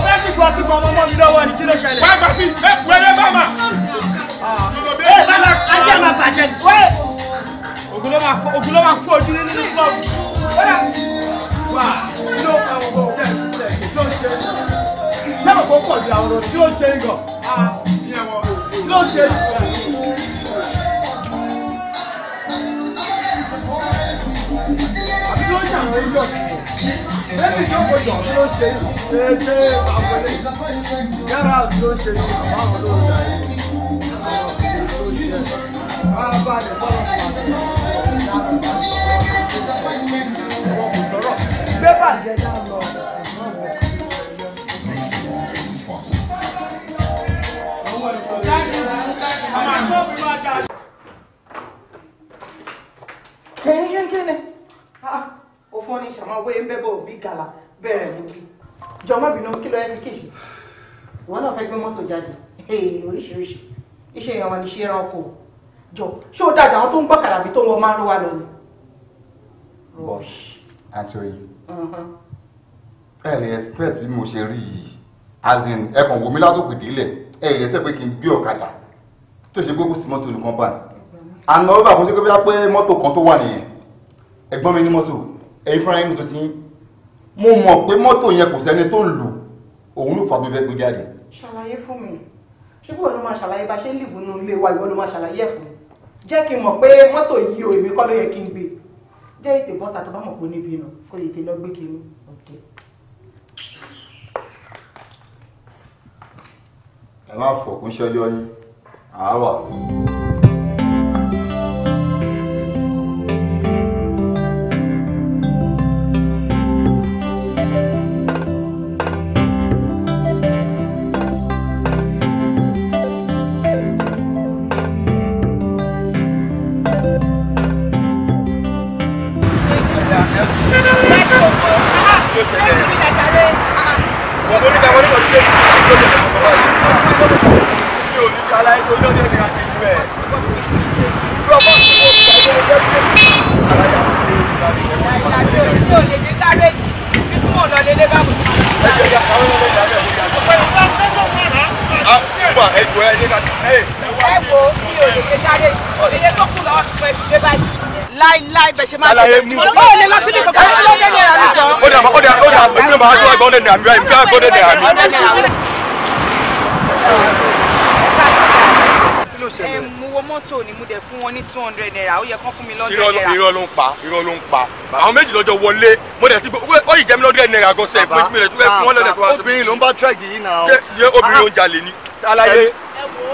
fẹ́ kí gbọ́ ti bọ́ ọmọ mi lọ́wọ́ ni kí ló ṣẹlẹ̀. wá gbà sí ẹ wẹrẹ bá ma. ẹ bàbá ajé ma bàjẹ́ ni. ogun ló máa fún ojú nínú club. wà ló fa ọmọ òkè sílẹ̀ ló ṣe. lẹ́wọ̀n kó pọ̀ ju àwọn ọ̀rọ̀ tí ó ṣe ń gọ̀. ló ṣe. Maybe you go to close to you. Get out close to you. Àwọn olórí rẹ̀. Àwọn abáàlẹ̀ bọ́lá fún wa. Bébà jẹ́ dá lọ. furnish àwọn wẹ́ẹ́ ń bẹ́ bí gàlà bẹ̀rẹ̀ mú bí. jọmọ bínú kí ló yẹ kejì wọn náà fẹ́ gbé mọ́tò jáde oríṣiríṣi iṣẹ́ ìrànwọ́ ni iṣẹ́ ẹranko jọ ṣé ó dájà àwọn tó ń gbọ́ kàràbí tó ń wọ márùn wa lọ ni. bọ́ọ̀ṣ àti oyin ẹ lè bí mo ṣe rí yìí as in ẹ kàn wò délẹ̀ ẹ lè expect pé kí n gbé ọ̀kadà tó ṣe gbogbo sí mọ́tò nìkan bá àná ó bá pé bí wọ́n pé mọ́tò kan tó wà nìyẹn ẹ̀gbọ́n mi ní mọ́tò ẹ̀yin fúnra yín tuntun yín mo mọ̀ pé mọ́tò yẹn kò sẹ́ni tó ń lò òun ló fà mí fẹ́ gbé jáde. ṣàlàyé fún mi ṣé bó ló máa ṣàlàyé bá ṣe ń lìbù nínú ilé wa ìwọ ló máa ṣàlàyé ẹ̀ jẹ́ kí n mọ̀ pé mọ́tò yìí o èmi kọ́ ló yẹ kí n gbé jẹ́ ètè bọ́sà tó bá mọ̀ pé níbi iná kó lè tè lọ gbé kiri ọ̀dẹ́. ẹ má fọkún ṣẹlẹ̀ ọyìn àá wà. ẹ wo mi ò lè ṣe sáré èyẹ tó kù lọ́wọ́ fún ẹbí dé báyìí láíláí bẹ ṣe máa ṣe ó lè lọ síbi kankan ó lè lè rà jọ. ó dà ó dà ó dà èmi ò máa tó ẹgbẹ́ ó lè nà mí báyìí fíjá gbọ́dọ̀ nà mí. mo wọ mọ́tò ni mo dẹ̀ fún wọn ní two hundred naira ó yẹ kán fún mi lọ́dọ̀ naira. irọ́ ló ń pa irọ́ ló ń pa àwọn méjì lọ́jọ́ wọlé mo dẹ̀ sí pé ó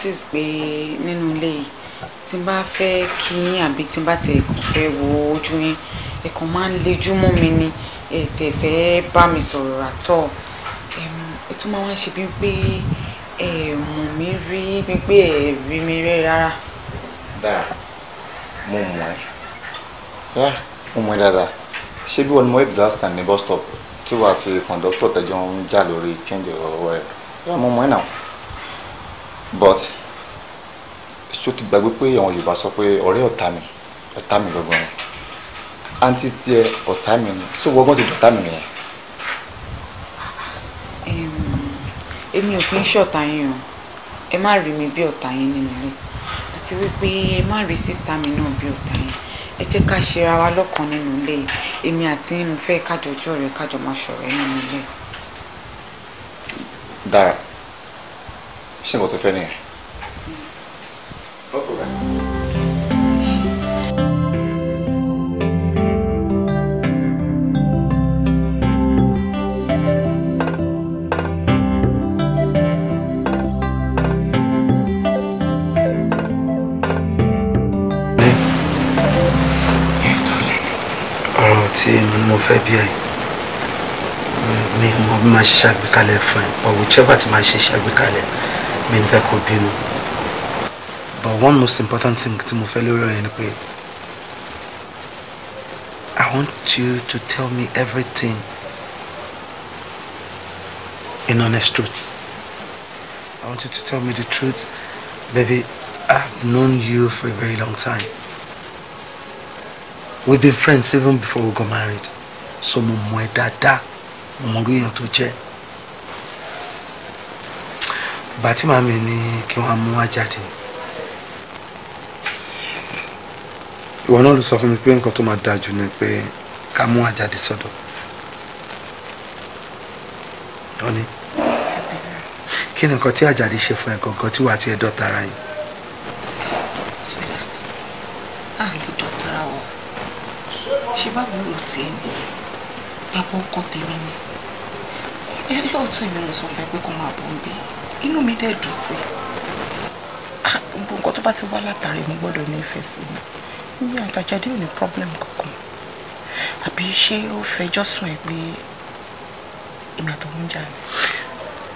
notice pé nínú ilé yìí tí n bá fẹ́ kí yín àbí tí n bá tẹ̀ kàn fẹ́ wo ojú yín ẹ̀kan máa ń lejú mọ́ mi ni ẹ̀ tẹ̀ fẹ́ bá mi sọ̀rọ̀ àtọ̀ ẹ̀ tún máa wá ṣe bí pé ẹ̀ mọ̀ mí rí bí pé ẹ̀ rí mi rí rárá. dáa mo mọ̀ ẹ́ yá mo mọ̀ ẹ́ dáadáa ṣé bí wọn ni mo help last time ní bus stop tí wàá ti kọ̀ǹdọ́tọ̀ tẹjọ́ ń jà lórí change ọ̀rọ̀ rẹ̀ yá mo mọ̀ ẹ́ náà but ṣó ti gbàgbé pé àwọn Yorùbá sọ pé ọ̀rẹ́ ọ̀tá mi ọ̀tá mi gbọ̀ngàn ni àǹtí tiẹ̀ ọ̀tá mi ni ṣó wọ́gbọ́n ti dọ̀tá mi nìyẹn. èmi ò kí ń ṣọ̀tá yín o ẹ má rí mi bí ọ̀tá yín nínú rẹ̀ àti wípé ẹ má rí sísá mi náà bí ọ̀tá yín ẹ jẹ́ ká ṣe ara wa lọ́kàn nínú ilé èmi àti yín mo fẹ́ kájọ ojú ọ̀rẹ́ kájọ máa ṣọ̀rẹ́ nínú ilé. dára ṣé nǹkan tó fẹ́ nìyẹn. tí mo fẹ́ bí ẹ̀ mi mo bí máa ṣe ṣàgbékalẹ̀ fún ẹ̀ but whichever ti máa ṣe ṣàgbékalẹ̀ mi n fẹ́ kó but one most important thing tí mo fẹ́ lórí ọ̀rẹ́ ni pé I want you to tell me everything in honest truth. I want you to tell me the truth. Baby, I've known you for a very long time. We've been friends even before we got married. So mo mọ̀ ẹ́ dáadáa, mo mọ̀ orí èèyàn tó jẹ́ ìgbà tí màmí ni kí wọ́n mú wá jáde ìwọ náà ló sọ fún mi pé nǹkan tó máa dáa jù ni pé ká mú wá jáde sọ́dọ̀ ọ̀ni kí ni nǹkan tí àjàdí ṣe fún ẹ gangan tí wàá ti ẹ dọ́ta ara yìí. a lè dọ́ta ara tí ẹ ní bàbá ọkọ tèmi ni ẹ lóòótọ́ ìmọ̀ sọ fún ẹ pé kó máa bọ̀ ń bí inú mi dẹ̀ dùn sí ah, gbogbo nǹkan tó bá ti wá látàrí mi gbọ́dọ̀ ní ìfẹ́ sí mi ní àgbàjáde ò ní problem kankan àbí ṣé ó fẹjọ́ sùn ẹ pé ìgbà tó ń jà ni.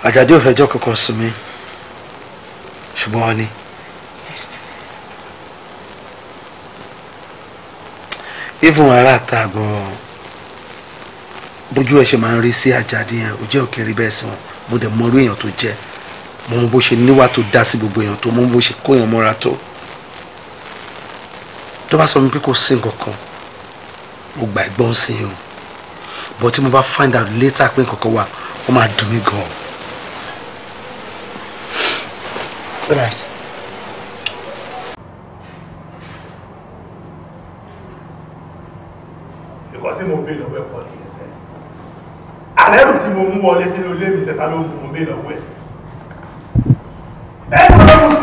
àjàdé ò fẹjọ́ kankan sùn mi ṣùgbọ́n wọn ni. even ara ta gan bójú ẹ ṣe máa ń rí sí àjàdé yẹn ó jẹ́ òkè bẹ́ẹ̀ sàn mo dẹ̀ mọ irú èèyàn tó jẹ́ mo mọ bó ṣe níwà tó dá sí gbogbo èèyàn tó mo mọ bó ṣe kóyàn mọ́ra tó tó bá sọ mi pé kò sí nǹkan kan mo gbà ẹ̀gbọ́n sí i o but tí mo bá find out later pé nǹkan kan wà ó máa dùn mí gan-an. Good night. nǹkan tí mo gbé lọ́wọ́ ẹ̀ pọ̀ nìyẹn àlẹ́ rù tí mo mú wọlé sínú ilé mi tẹ̀ta ló mú mo gbé lọ́wọ́ ẹ̀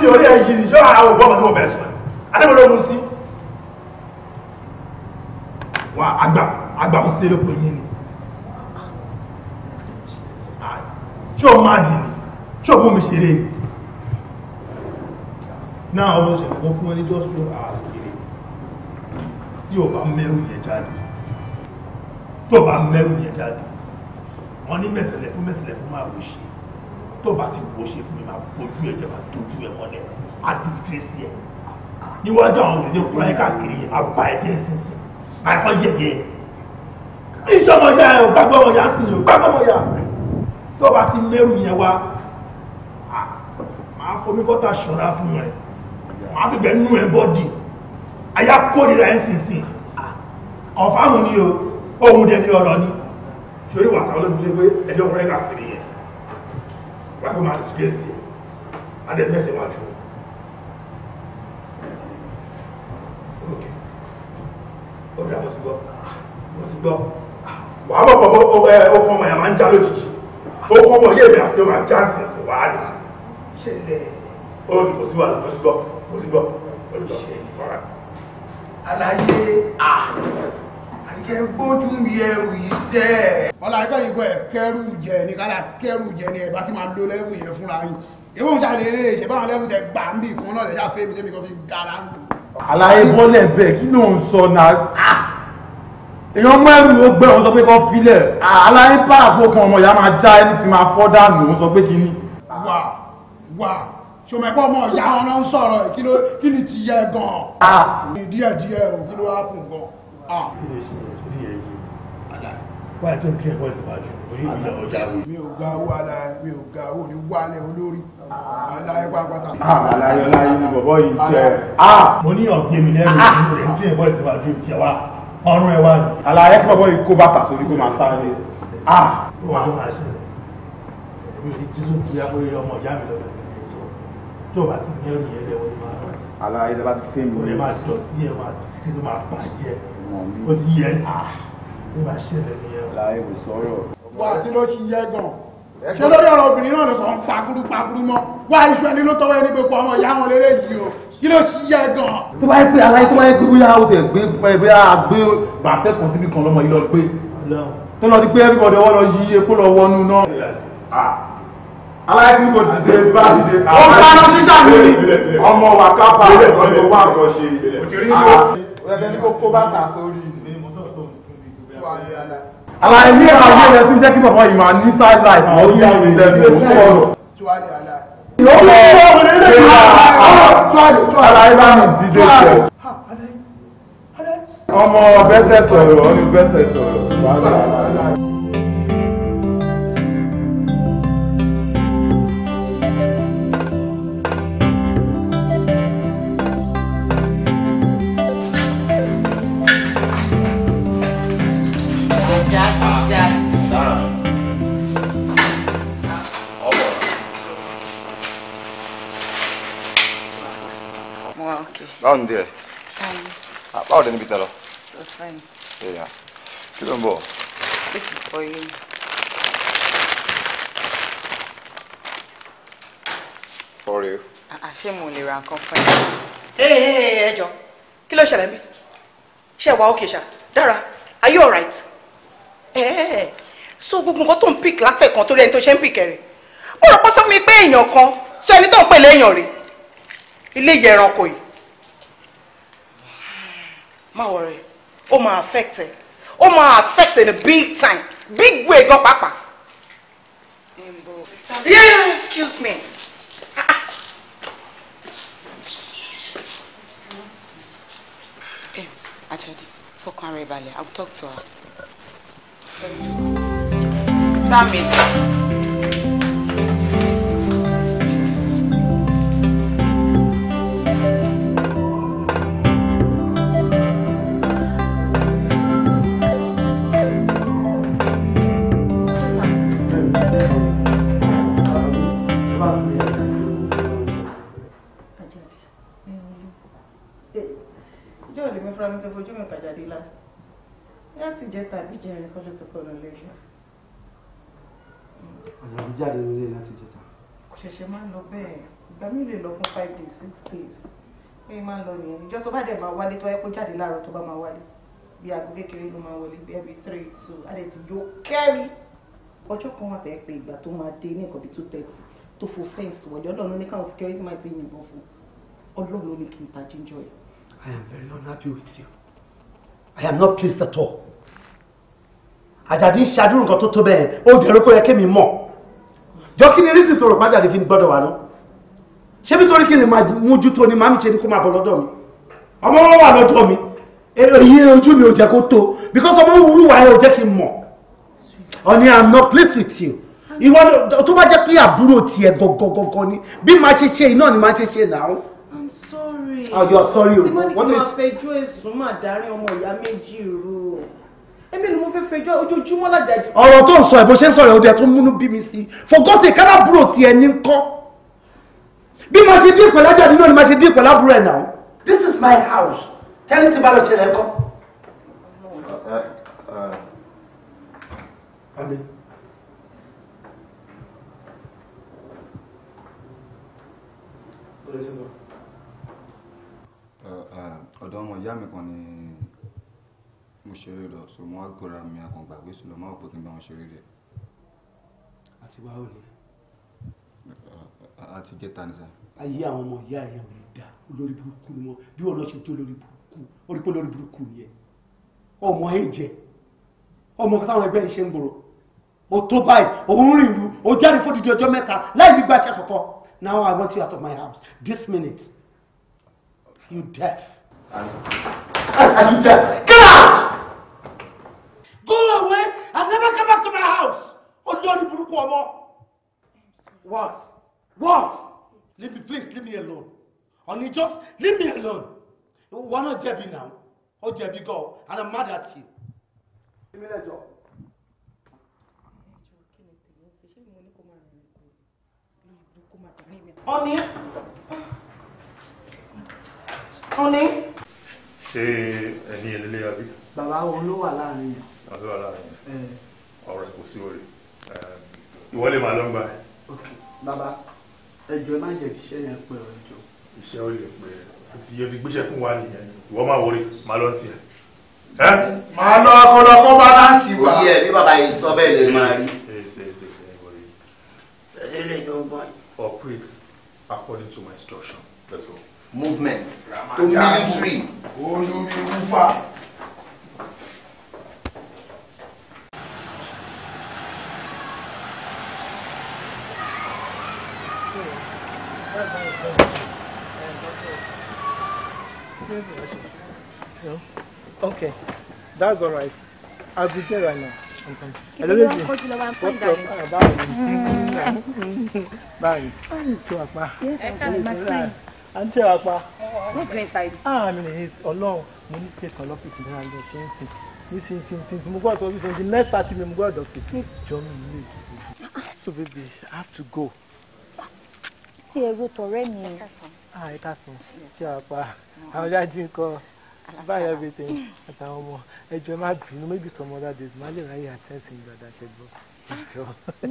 sí orí ẹ̀yìn ní ṣọ́ra àwọn òbọ̀ ọmọdé wọn bẹ̀rẹ̀ sọ̀rọ̀ adébọ̀ ló mú sí. wà àgbà àgbà fún sí elépo yín ni ṣé o máa dì ní ṣé o mú mi ṣeré ni. náà ọmọ ṣẹlẹ̀ wọn fún ẹni just two hours kiri tí o bá mẹ́rù yẹn jáde tó o bá mẹ́rù yẹn jáde wọn ní mẹ́sẹ̀lẹ̀ fún mẹ́sẹ̀lẹ̀ fún máa wò ṣe tó bá ti wò ó ṣe fún mi máa bójú ẹ̀ jẹ́ máa tójú ẹ̀ mọ́lẹ̀ á disgrace ẹ̀ níwájú àwọn òdòdó kúrò ẹ̀ káàkiri àbá ẹ̀jẹ̀ sínsìn àìkọ́ yẹ̀yẹ̀ ìṣọmọjà ẹ̀ ò gbàgbọ́ ọmọjà sí ni ò gbàgbọ́ ọmọjà tó bá ti mẹ́rù yẹn wá máa fomi kọ́ta ṣọ́ra fún rẹ̀ máa fi bẹ̀ nú ẹ̀ bọ́dì àyà kórìíra ẹ̀ sínsìn ọ̀fáàmù ni o ohun dẹ̀ ni ọ̀rọ̀ ni ṣorí wà táwọn olóògbé ẹjọ́ kúrò ẹ̀ káàkiri wàá kó máa disgrace yẹ adé mẹsẹ̀ máa jù ok ó dà mo ti gbọ́ mo ti gbọ́ wàá mọ̀ pọ̀ ọkọ̀ ọmọ yẹn máa ń já lójijì ọkọ̀ ọmọ yẹn mi àti ọmọ ajá sì sì wàá rí ṣẹlẹ̀ ó ní kò sí wàhálà mo ti gbọ́ mo ti gbọ́ mo ti gbọ́ ọ̀rá. àlàyé à kẹ gbójú mi ẹrù yìí sẹ́. ọ̀la ẹgbẹ́ yìí kọ́ ẹ kẹrù jẹ ní kálá kẹrù jẹ ní ẹ bá ti máa lo lẹ́wù yẹn fúnra yín ìwọ̀n ìjà lè rè ṣe báwọn lẹ́wù tẹ gbà ń bì fún náà lẹ́yà fẹ́ mi tẹ́mi kan fi gara ń lò. àlàyé bọ́lẹ̀ bẹ́ẹ̀ kí ló ń sọ náà èèyàn mẹ́rù ló gbẹ́ òun sọ pé kọ́ filẹ̀ àlàyé páàpù kan ọmọ ìyá máa já ẹni tí máa fọ́ dànù òun sọ pé kí ni. wà wà sọmọpọ ọmọ ìyá wọn náà ń sọ̀rọ̀ kí ni ti yẹ gan-an. díẹ̀ díẹ̀ o kí ló wá kùn gan-an wáyé tó ń kí ẹ̀kọ́ ẹ̀sìn wájú orí ìyá ọjà wo. mi ò gba owó aláyẹ mi ò gba owó ní wálé olórí aláyẹ pápátá. aláyẹ ah, aláyẹ ni bọ̀bọ̀ yìí jẹ. Ah! mo ní ọ̀gbìn mi lẹ́rù ìlú ah! rẹ̀ kí ẹ̀kọ́ ẹ̀sìn wájú kí wa ọrùn ẹ̀ wá. aláyẹ kí bọ̀bọ̀ yìí kó bàtà sórí kó máa sáré. wà á máa ṣe èmi ò ní jísù ti yá pé ọmọ ìyá mi lọ́dọ̀ tí o bá ti ní ẹrù yẹn lẹ́wọ́ ni máa rọ̀ sí. aláyẹ tí a bá ti fẹ́ mi. o lè máa dọ̀tí ẹ̀ máa bisikíìtì máa bàjẹ́ o ti yẹ ẹ̀ sí. bí o bá ṣẹlẹ̀ ní láì ò sọ̀rọ̀. wà á kí ló ṣe yẹ gan ṣé lórí ọ̀rọ̀ obìnrin náà nìkan pakuru pakuru mọ́ wá iṣu ẹni ló tọwọ́ ẹni gbogbo ọmọ ìyá wọn lélẹ́ yìí o kí ló ṣe yẹ gan. tó bá yẹ pé aláyé tó bá yẹ pé bóyá o tẹ gbé pé a gbé bàtẹ́ kan síbi kan lọ́mọ yìí lọ gbé tó lọ di pé everybody wọ́n lọ yí epo lọ wọnú náà. Ah. aláyé tí kò dìde bá dìde. ó ń paná sísá mi ọmọ wa kápá ọmọ wa kọ ṣe. òtí rí ah. ní o. ọ̀rẹ́dẹ́ni kò kó bàtà sórí àìní ayé rẹ tún jẹ́ kí bàbá yìí máa ní side life mọ́ sí ìdẹ́nu sọ̀rọ̀. ìyókù ọ̀rọ̀ nílé ìlà àlàyé bá mi díje jẹ. ọmọ bẹ́sẹ̀ sọ̀rọ̀ ọmọ bẹ́sẹ̀ sọ̀rọ̀. báwo ni díẹ̀ báwo dẹ̀ níbi tẹ lọ. kí ló this is for you. for you. àṣé mo lè ra nǹkan hey, hey, ẹ jọ kí ló ṣẹlẹ̀ mi ṣe wà are you alright? Hey, hey, hey. so gbogbo nǹkan tó ń pick látẹ̀kan torí ẹni tó ṣe ń pick ẹ̀rẹ̀ mo rò pé sọ mi pé èèyàn kan sọ ẹni tó ń pè léèyàn rè ilé Ma worry ó máa affect ẹ ó máa affect ẹ in a big time big way gan Papa. yeah excuse me. Eh, Ajadi, fọkàn rẹ̀ balẹ̀, I will talk to her. Sister mi. pẹ́ lọ àjàjì jáde lórí láti jẹta. kò ṣẹ̀ṣẹ̀ máa ń lọ bẹ́ẹ̀ ìgbà mi lè lọ fún five days six days ẹ máa ń lọ nìyẹn ìjọ tó bá dẹ̀ máa wálé tó wáyé kó jáde láàárọ̀ tó bá máa wálé bí aago kékeré ló máa wọlé bí ẹbí three two adé ti jó kẹ́rí ọjọ́ kan wà bẹ́ẹ̀ pé ìgbà tó máa dé ní nǹkan bíi two thirty tó fo fẹ́ǹsì wọlé ọlọ́run ní káwọn security máa ti yìnbọn fún ọlọ́run ló ní kí n ta jíjọ I am very unhappy with you. I am not pleased at all àjàdí ń ṣàdúrù nǹkan tó tó bẹ́ẹ̀ ó dẹ̀rọ kó yẹ kémi mọ̀ jọ kí ni rísì tó rò pàjáde fi ń gbọ́dọ̀ wà náà ṣé bí torí kí ni máa mójú tó ni màmí ṣe ni kó máa bọ̀ lọ́dọ̀ mi ọmọ wọn wà lọ́dọ̀ mi èyí ojú mi ò jẹ́ kó tó because ọmọ wúrú wa yẹn ò jẹ́ kí n mọ̀ ọ̀ni i'm not pleased with you ìwọ tó bá jẹ́ pé àbúrò tiẹ̀ gọ́gọ́gọ́ ni bí màá ṣe ṣe iná ni màá ṣe ṣe náà. i'm sorry. oh you are sorry o. tí wọ́n oh. ní máa fẹjọ́ ẹ̀sùn máa darí ọmọ ìyá méjì rú o èmi ni mo fẹ́ fẹjọ́ ojoojúmọ́ lájàjì. ọ̀rọ̀ tó ń sọ ẹ̀ bó ṣe ń sọ̀rọ̀ òde ẹ̀ tó ń múnú bí mi sí fọgọ́sẹ̀ kálábùrò tiẹ̀ ní kọ́ bí mo ṣe dín pẹ̀lú àjàdí náà ni mo ṣe dín pẹ̀lú àbúrò ẹ̀ náà. this is my house tẹ́lẹ̀ tí bá lọ ṣẹlẹ̀ kọ́. ọ̀dọ́ ọmọ ìyá mi kan ni mo ṣeré lọ so mo wá gbọ́ra mi àkàngbà pé sùlọ máa pọ̀ kí n bá wọn ṣeré rẹ̀. àti wá ò ní. àti jẹ́ta ni sá. ayé àwọn ọmọ ìyá ẹ̀yà ò lè dá olórí burúkú ni wọn bí wọn lọ ṣe jó olórí burúkú wọn rí pé olórí burúkú ni ẹ ọmọ èjẹ ọmọ kan táwọn ẹgbẹ́ ń ṣe ń gbòòrò o tó báyìí òun rìn ìlú o jáde fódìdí ọjọ́ mẹ́ta láì ní gbàṣẹ kọ̀kọ́ now I want you out of my house this minute are you deaf. are you deaf? Get out! Go away and never come back to my house. Olórí oh, buruku ọmọ. What? What? Leave me, please, leave me alone. Only just leave me alone. Wọ́n not jẹ̀bi now. Oh, jẹ̀bi go an and I'm mad at you. Èmi lẹ́jọ́. Oni. Oni. Ṣé ẹni ẹlẹ́lẹ́yà bí? Bàbá olówà láàrin yẹn àti wàhálà yẹn ọ̀rọ̀ kò sí orí ìwọ lè máa lọ gbà ẹ. ok bàbá ẹjọ má jẹ iṣẹ́ yẹn pé ọ jọ. iṣẹ́ ò lè pè é ti yẹ fi gbéṣẹ́ fún wa nìyẹn ìwọ máa wọrí máa lọ tiẹ̀. ẹ máa lọ ọkọlọkọ báláǹsì wa. òye bí bàbá yìí sọ bẹ́ẹ̀ lè máa rí. operate according to my instruction let's go. movement to military olùmíwúfà. Okay, that's all right. I'll be there right now. Hello, lady. What's up? Ah, bye. Mm-hmm. Bye. Yes, I'm my friend. I'm sure Apa. Let's go inside. Ah, I'm in the haste. Ọlọ́run, mo ní case kan lọ́fíìsì ní àná ṣe ń sìn. Since, since, mo gbọ́dọ̀ tó ọ́fíìsì. The next party, we go gbọ́dọ̀ ọ́fíìsì. Jọ́ mi ah, ah. So baby, I have to go àǹtí ẹ̀rọ tọ̀rẹ́ mi. Ah, ẹ ká sàn tí a pa àwọn ọjà dín kọ báyọ̀ bìtẹ̀ àtàwọn ọmọ ẹjọ́ má bínú maybe some other days má lè ráyè àtẹ́sìn ìgbàdá ṣẹ́gbọ́n ìjọ.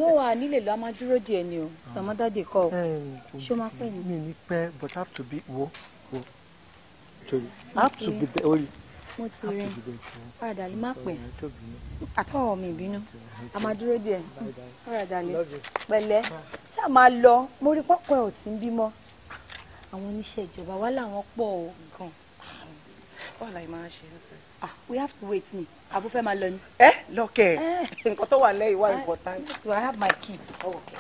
ló wà nílé lọ a máa dúró díẹ̀ ni o ah. some other day kọ eh, ṣó máa pẹ́ ni. mi ní pẹ́ but have to be wo wo torí have to be there mo ti rẹ ọ̀rọ̀ dàlí má pẹ́ àtọ̀wọ̀ mi bínú a máa dúró díẹ̀ ọ̀rọ̀ dàlí pẹ̀lẹ́ ṣáà máa lọ mo rí pọ́pọ́ ẹ̀ ò sí ń bímọ àwọn oníṣẹ́ ìjọba wa làwọn pọ̀ ọ́ gan. wàhálà yìí máa ṣe é sẹ́. ah we have to wait ni àbú fẹ́ máa lọ ni. ẹ eh, lọkẹ eh. nǹkan tó wà lẹ́yìn wà eh, important. so i have my key. Oh, okay.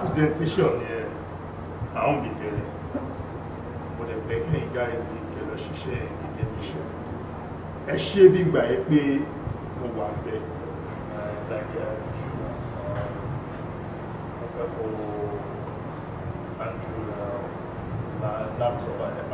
presentation yẹn àwọn mi bẹ̀rẹ̀ mo lè bẹ̀ kí n ga ẹsẹ̀ ìkẹ́ lọ ṣiṣẹ́ ìdílé mi ṣe ẹ ṣe bí gbà yẹ pé mo wà bẹ́ẹ̀ dàgbà ẹ̀kọ́ Andrew uh, laptop and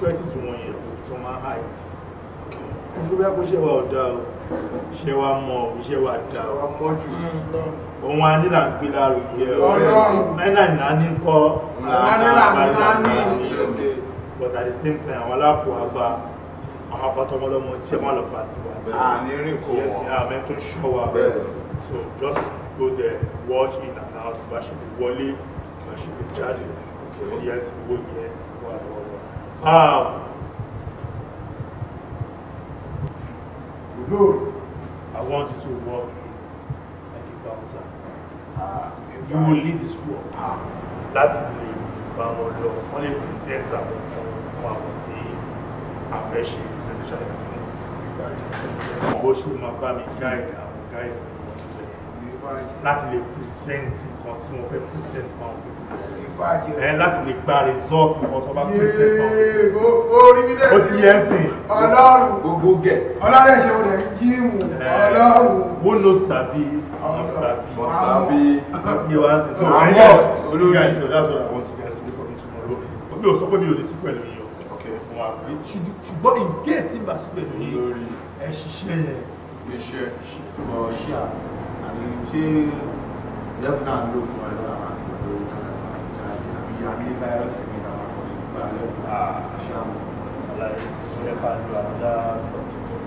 insecurities wọn yẹn tó máa hide nígbà bí ṣe wa ò o ṣe wa mọ o ṣe wa dáa o òun á nílà gbé lárugẹ o náírà ní àní kọ náírà ní àní but at the same time àwọn aláàpò àgbà àwọn afọtọmọlọmọ jẹ má lọ bá tiwa. àní rìn kò wọ yẹsì àmì tó ṣọ wa so just go there watch in and out bá ṣe lè wọlé bá ṣe lè jáde yẹsì wo yẹn. Um, Lord, I want you to work like a bouncer. Uh, you will lead the school ah. of power. Láti lè bá wọn lọ, wọ́n lè present àwọn ọmọ àwọn tí àfẹ́ ṣe presentation ìgbà fún bó mi guide àwọn guys láti lè present nǹkan tí wọ́n fẹ́ present fún àwọn people ẹ láti lè gba result ọ̀tọ̀ bá pèsè tán. orí mi dẹ̀. ó ti yẹ ẹsìn. ọlọ́run. gbogbo gẹ̀. ọlọ́run ẹ̀ṣẹ̀ wọlé jíìmù. ọlọ́run. wọ́n lọ sàbí. sàbí. sàbí. àti ìwà ẹ̀sìn. so i must. olórí guys so that's what i want you guys to do for me tomorrow. omi ò sọ pé mi ò lè sí pẹ̀lú yìí o. ok wọn á fi ṣùgbọ́n in case tí bá sí pẹ̀lú yìí ẹ ṣiṣẹ́ yẹn. iṣẹ́ ọ̀ṣà àti ṣé lẹ́kùnà ló fún ẹ lọ́la family virus in our colleague Ashram. Like, we can do another substitute.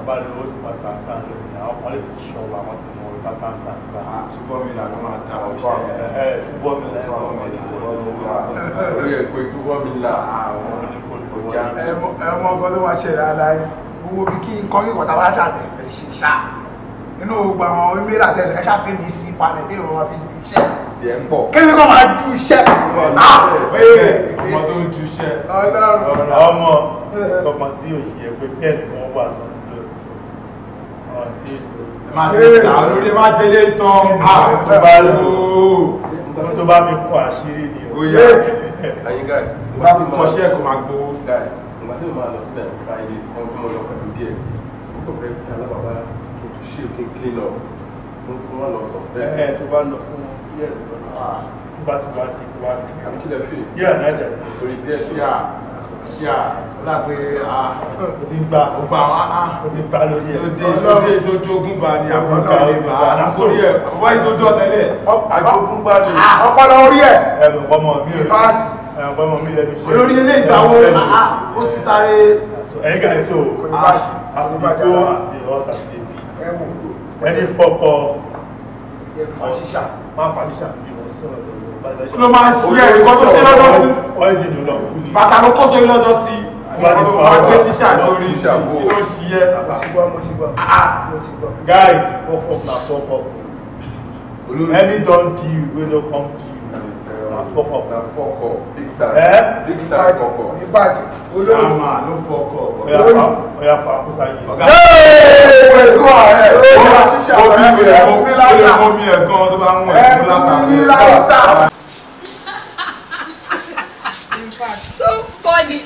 About the old pattern time, I wanted to show I want to know the pattern time. Ah, túbọ̀ mi là ló máa dá ọ ṣe. Ẹ túbọ̀ mi là túbọ̀ mi là túbọ̀ mi là. Ó yẹ pé túbọ̀ mi là àwọn ọjà. Ẹ mọ ọkọ ló máa ṣe ìlànà yìí. Gbogbo bí kí n kọ́ kí kọ̀tà wá ṣàtẹ̀ ṣe ṣá. Inú gbogbo àwọn ìmílà tẹ̀sán ẹ ṣàfihàn sí palẹ̀ dé ìrọ̀rùn àfi jù ṣẹ́ ti ẹ̀ ń bọ̀. kí ni kò máa du iṣẹ́. Ah, eh. ọmọ tó ń du iṣẹ́ ọmọ ọmọ tí yóò yẹ pé bẹ́ẹ̀ ni wọ́n wà tó ń lọ sí ọmọ tí máa ti ta lórí má ṣe lè tán àbálò. Ah, eh. tó bá mi kọ àṣírí ni. ó yẹ ẹyin guys bá mi kọ ṣẹ́ kó máa gbowó. guys ìgbà tí mo máa lọ sí náà friday fún ọdún ọlọ pẹ̀lú dsc mo kàn fẹ́ kí alábàbá kí tún ṣe kí clean up mo kún wọn lọ suspect. ẹ ẹ tó bá lọ fún wọn. Yes, but, uh, ah. but what did what? Yeah, that's it. But yes, yeah. Yeah, like we are. O ti gba o gba wa ah. O ti gba lórí ẹ̀. Lóde lóde ìjọjogún gba ni àwọn ọ̀gá ò gba. Lórí ẹ̀ wá ìdójú ọ̀tẹ̀lẹ̀. Àjogún gba ni. Ah. Ọpọlọ orí ẹ̀. Ẹ̀rù ọmọ mi ò fat. Ẹ̀rù ọmọ mi lẹ́nu iṣẹ́. Olórí ilé ìgbàwó ah, ah, ó ti sáré. Ẹ̀yin gàdí so. Àsìkò àsìkò àsìkò ọ̀tà ti dé. Ẹni fọkọ. Ẹ̀fọ́ ṣíṣà máa fà ṣíṣà bí wọ́n tó ṣe lọ́dọ̀ sí. bàtà ló kọ́ sórí lọ́dọ̀ sí. máa gbé ṣíṣà sórí kí ló ẹ. Ah, ah. guys fọ́fọ́ na fọ́fọ́. any don deal wey no come to fọkọ fọkọ big time big time fọkọ Ìbàdàn olórí àmà ló fọkọ ọyà fà yìí. ọgá ẹgbẹ́ ààrẹ ọgá ṣíṣe ààrẹ omi rẹ̀ omi láta omi ẹ̀ gan tó bá ń wọ̀ ẹ̀ omi láta. so funny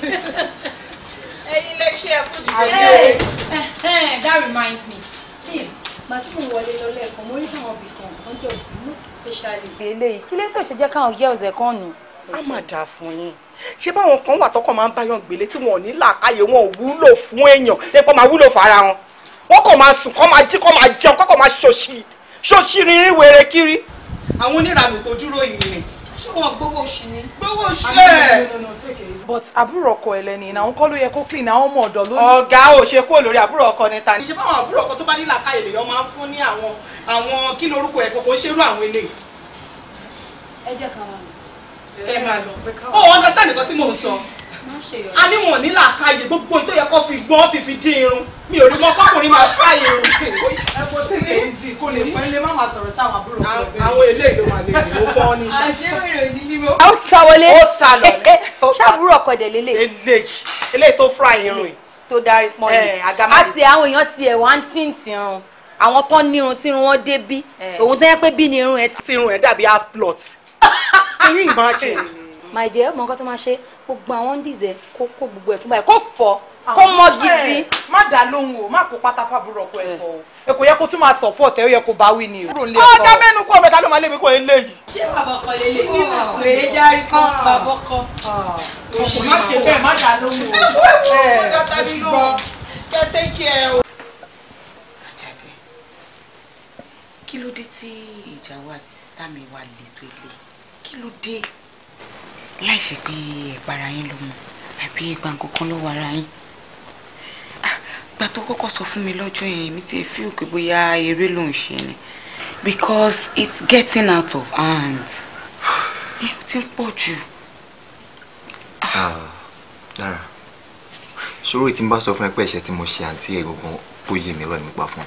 ẹyin lè ṣe ẹkú dìde. that reminds me please màá tí mò ń wọlé lọ lẹ́ẹ̀kan mo rí káwọn bì kan kan dọ̀tí most especially. eléyìí kí ló tó ṣe jẹ́ káwọn girls ẹ̀ kàn nù. a máa dà fún yín ṣé báwọn kan wà tọkọ máa ń báyọ̀ gbélé tí wọn ò ní làákàyè wọn ò wúlò fún èèyàn lẹ́pọ̀ máa wúlò fara wọn wọn kàn máa sùn kàn máa jí kàn máa jẹun kàn máa ṣòṣì ṣòṣì rinrin wèrè kiri. àwọn onírànù tó dúró yìí ni gbowó oṣù ni. but àbúrò ọkọ ẹ lẹni ìnáwó kọ́ ló yẹ kó clean àwọn ọmọ ọ̀dọ́ lónìí. ọ̀gá ò ṣe kúrò lórí àbúrò ọkọ ni ta ni. ìṣe báwọn àbúrò ọkọ tó bá nílà ká èlèyàn máa ń fún ní àwọn àwọn kí lorúkọ ẹ kókó ṣerú àwọn eléyìí. ẹ jẹ́ ká máa ẹ máa lọ. ó oh, understand nǹkan tí mò ń sọ a ní wọn ní làákàyè gbogbo tó yẹ kó fi gbọ́n ti fi dín irun mi ò rí mọ kọkùnrin máa fà irun. ẹ tí kì í di kò lè pẹ́ lé má máa sọ̀rọ̀ sáwọn àbúrò kan bẹ́ẹ̀. àwọn eléyìí ló máa lè lò ó fọ́ níṣẹ́. àṣewèrè òní ni mo. ó sá wọlé ó sá lọ eh, eh, eh, ṣàbúrò ọkọ dẹ̀ lélẹ̀. eléyìí eléyìí tó fura irun yìí. tó darí pọ́n ni àti àwọn èèyàn tiẹ̀ wá ń tíǹtì irun àwọn tó nírun tírun wọn dé bí òun tó pé bí ni irun ẹ. tírun ẹ dàbí half plot. irú ìmọ̀ my dear mọ nǹkan tó máa ṣe gbogbo àwọn díìzẹ kó kó gbogbo ẹ tún báyìí kó fọ kó mọ gidi. má dà lóhùn o má kó pátá fábúrò ọkọ ẹ e fọ o ẹ e kò yẹ kó tún máa support ẹ e, ó yẹ kó bá wí ni o. Ah, ọjà mẹ́nu kú ọ̀mẹ́ta ló máa lé mi kó eléyìí. ṣé bàbá ọkọ lè lè ní wèrè ah. járe kọ́ ah. bàbá ọkọ. oṣù má ṣe bẹ́ẹ̀ má dà lóhùn o. ẹ ẹ bàtà eh, mi ló kẹ tẹ́kì ẹ o. àjàdé kí ló dé tí ìjà wa àti sísá mi wà lè tó ilé kí ló dé láì ṣe pé ìpara yín ló mú àbí ìgbà kankan ló wà ara yín ah, gbà tó kọ́kọ́ sọ fún mi lọ́jọ́ yẹn mi ti fi òkè bóyá eré ló ṣe ni because it's getting out of hand ẹ ti ń pọ̀ jù. Ah. Ah, dára ṣòro tí n bá sọ fún ẹ pé ẹ̀ṣẹ̀ tí mo ṣe àǹtí ẹ̀ gbọ̀ngàn ó yé mi rọ̀ nípa fún ẹ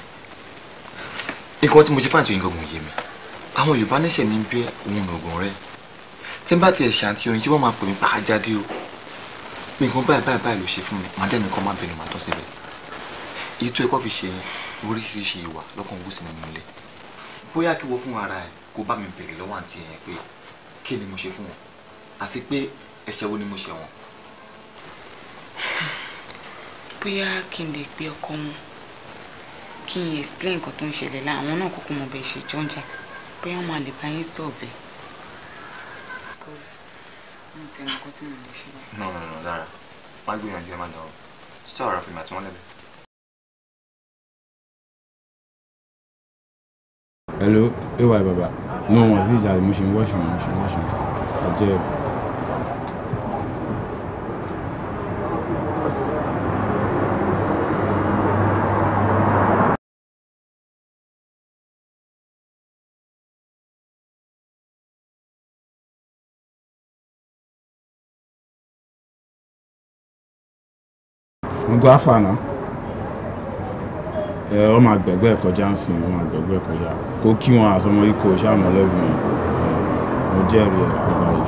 nǹkan tí mo ṣe fáǹtì yìí gbọ̀ngàn yé mi àwọn Yorùbá níṣẹ́ ní bí òun ògùn rẹ̀ tí n bá tiẹ̀ ṣàǹtí oyin tí wọ́n máa pè mí pàá jáde o mi nǹkan báyìí báyìí báyìí ló ṣe fún mi màá dẹ́mi kọ́ máa bẹnu màá tọ́ síbẹ̀ èyí tó ẹ̀kọ́ fi ṣe oríṣiríṣi ìwà lọ́kàn wú sí nínú ilé bóyá kí wọ́n fún ara ẹ̀ kó bá mi bèrè lọ́wọ́ àǹtí yẹn pé kí ni mo ṣe fún wọn àti pé ẹ̀ṣẹ̀ wo ni mo ṣẹ̀ wọn. bóyá kí n lè pe ọkọ wọn kí n explain nǹkan tó ń ṣẹlẹ̀ láàwọn náà kúkú mọ̀ bẹ́ẹ̀ ṣe jọ́njà bóyá wọn máa lè bá yín sọ̀bẹ̀ẹ́ ṣe nǹkan tí mo lè ṣe báyìí. no no no Lara má gbìyànjú ẹ má lọ ṣé ọ̀rọ̀ fèmí àti wọn lẹ́bi. hello ay baba no wọn sì jà mo ṣe machine, wọ́ṣùn mo ṣe ń gáfà náà ẹ ọ máa gbẹgbẹ kọjá ń sìn ọ máa gbẹgbẹ kọjá kó kí wọn àsọmọ ikọ ṣáà mọlẹbí jẹrìí ẹ àgbáyé.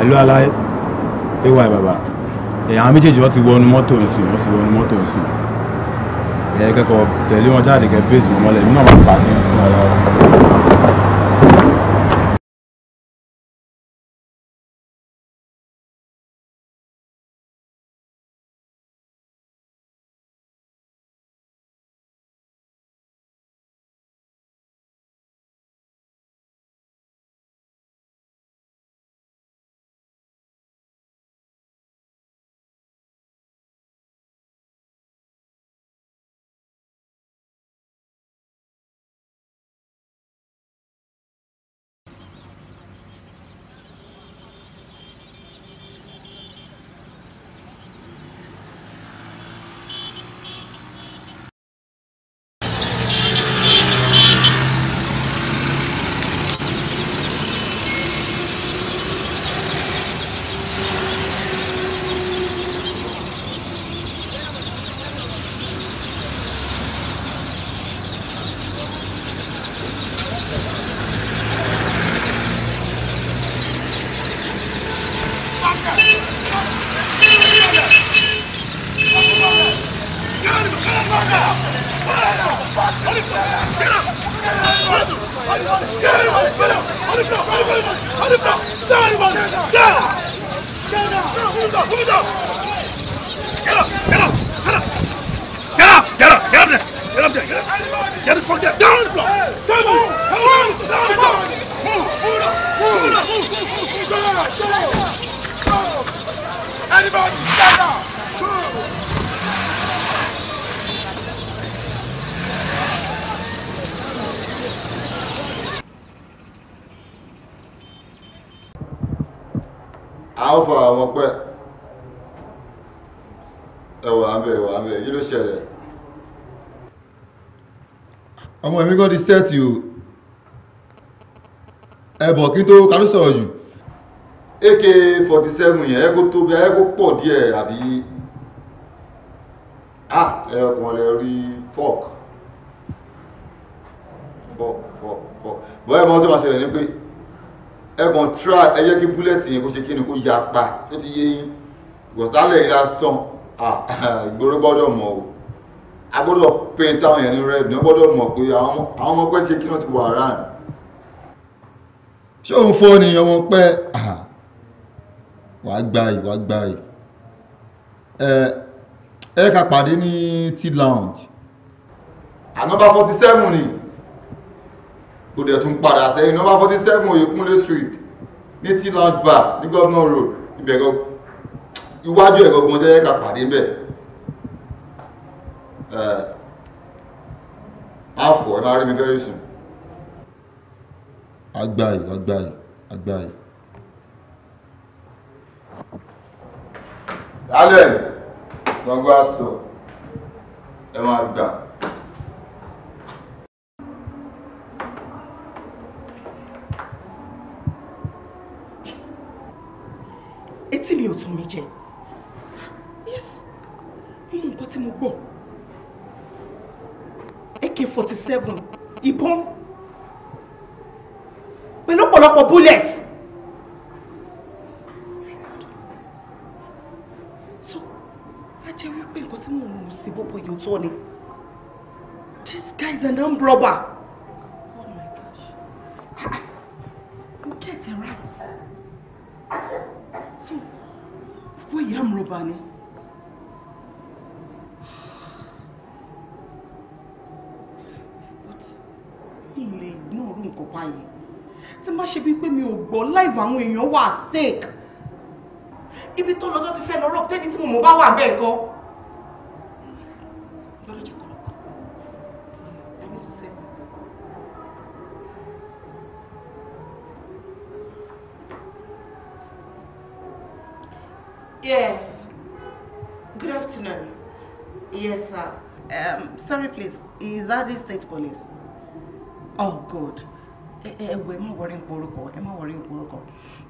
ẹ̀lú aláyé ay bàbá àwọn méjèèjì wọ́n ti wọnú mọ́tò nsìn wọ́n ti wọnú mọ́tò nsìn ẹ̀ẹ́dẹ́gbẹ́kọ̀ tẹ̀lé wọn jáde kẹ́ bẹ́ẹ̀sì wọn mọ́lẹ̀ nínú àwọn àpàkì nsìn ọlọ́run. ẹ̀mí gọ́dí sẹ́ẹ̀tì o ẹ̀bọ̀ kí n tó kálú sọ̀rọ̀ jù ak forty seven yẹn ẹ̀kọ́ tóbi ẹ̀kọ́ pọ̀ díẹ̀ àbí ah ẹ̀kùn rẹ̀ rí fork fork fork fork bọ́ ẹ̀ mọ́ tó máa ṣẹlẹ̀ ní pé ẹ̀kùn try ẹ̀yẹ́ kí búlẹ̀tì yẹn kó ṣe kí ni kó yapa tó ti yé yín gọ̀sálẹ̀ ìlà sàn ah ìgboro gbọ́dọ̀ mọ̀ o a gbọ́dọ̀ paint àwọn yẹn ní red ní wọ́n gbọ́dọ̀ mọ̀ pé àwọn ọmọ pẹ́ ti kí wọ́n ti wà rán ṣé òun fọ́ ni ọmọ pẹ́ wàá gba yìí wàá gba yìí ẹ ẹ ká pàdé ní tea lounge ànọ́bà forty seven ni kò dẹ̀ tún padà sẹ́yìn nọ́mbà forty seven Oyèkúnlé street ní tea lounge bar ní governor road ibẹ̀ gan iwájú ẹ̀ gangan jẹ́ ká pàdé bẹ́ẹ̀. Uh, afọ ẹ máa rí mi very soon. agbáyé agbáyé agbáyé. dálẹ̀ gbọ́ngbọ́n aṣọ ẹ máa gbà. etí mi ò tán mi jẹ yes nínú nǹkan tí mo gbọ́. AK-47 ìbọn pẹ̀lú ọ̀pọ̀lọpọ̀ bullet. so a jẹ́ wípé nǹkan tí mò ń rò sí bọ́bọ́ yìí ó tọ́ ni this guy is an armed robber. oh my gosh you get it right so bọ́bọ́ yìí armed robber ni. nǹkan báyìí tí má ṣe bíi pé mi ò gbọ́ live àwọn èèyàn wà stake ibi tó lọ́jọ́ ti fẹ́ lọ́rọ̀ tẹ́ni tí mo mọ̀ bá wà bẹ́ẹ̀ kọ́. Yeah. Good afternoon. Yes, sir. Um, sorry, please. Is that the state police? Oh, good ẹ ẹ wo ẹ má wọrí nǹkan orúkọ ẹ má wọrí nǹkan orúkọ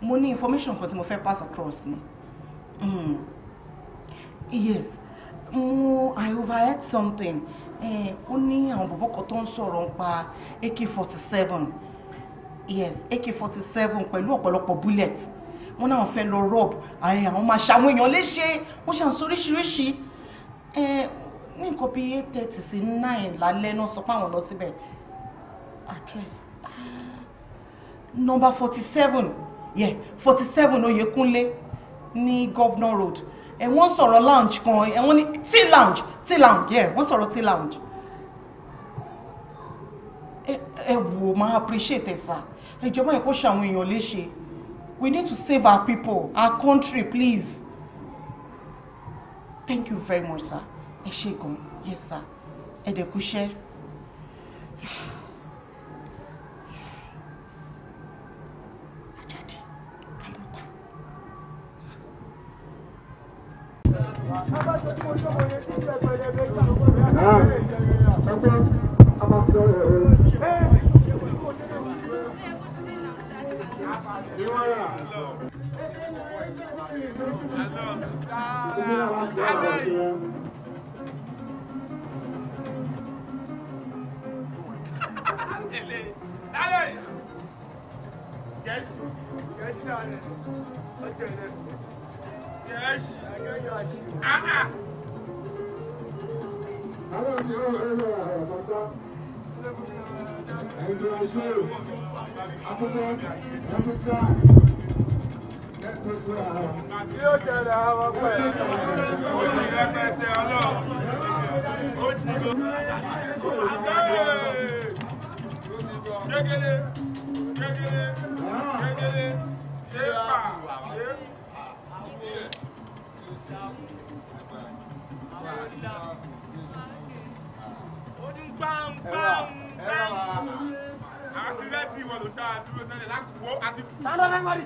mo ní information kan tí mo fẹ́ pass across ni mm. yes mo i overheard something ó ní àwọn bòbó kan tó ń sọ̀rọ̀ nípa ak forty seven yes ak forty seven pẹ̀lú ọ̀pọ̀lọpọ̀ bullet wọn náà fẹ́ lọ rob àwọn máa ṣàwọn èèyàn léṣe wọ́n ṣàn sóríṣiríṣi ní nǹkan bíi eight thirty sí nine lálẹ́ náà sọ pé àwọn lọ síbẹ̀ address Number forty seven yeah, forty seven Oyèkúnlé ní Governor Road ẹ wọ́n sọ̀rọ̀ lounge kan ẹ wọ́n ní tea lounge tea lounge yeah. wọ́n sọ̀rọ̀ tea lounge ẹ ẹ wò máa appreciate ẹ sá ìjọba ẹ̀kọ́ ṣàwọn èèyàn léṣe we need to save our people our country please thank you very much sir ẹ ṣé gan yes sir ẹ dẹ̀ kúṣẹ́. Dale. Yes, darling. I'll tell you. Yes, I got you. Ah! I don't know. I don't know. What's up? Ẹ̀jẹ̀ ọ̀ṣọ́ akókó ẹ̀mẹ́ta ẹ̀kọ́tù àhà. Kí ló ṣẹlẹ̀ àwọn ọmọ ẹ̀? Ó jí rẹpẹtẹ ọlọ́ọ̀. Ó jí gbogbo. Jẹ́gẹ́lẹ́ jẹ́gẹ́lẹ́ jẹ́gẹ́lẹ́ ṣé pa. Sálọ fẹ́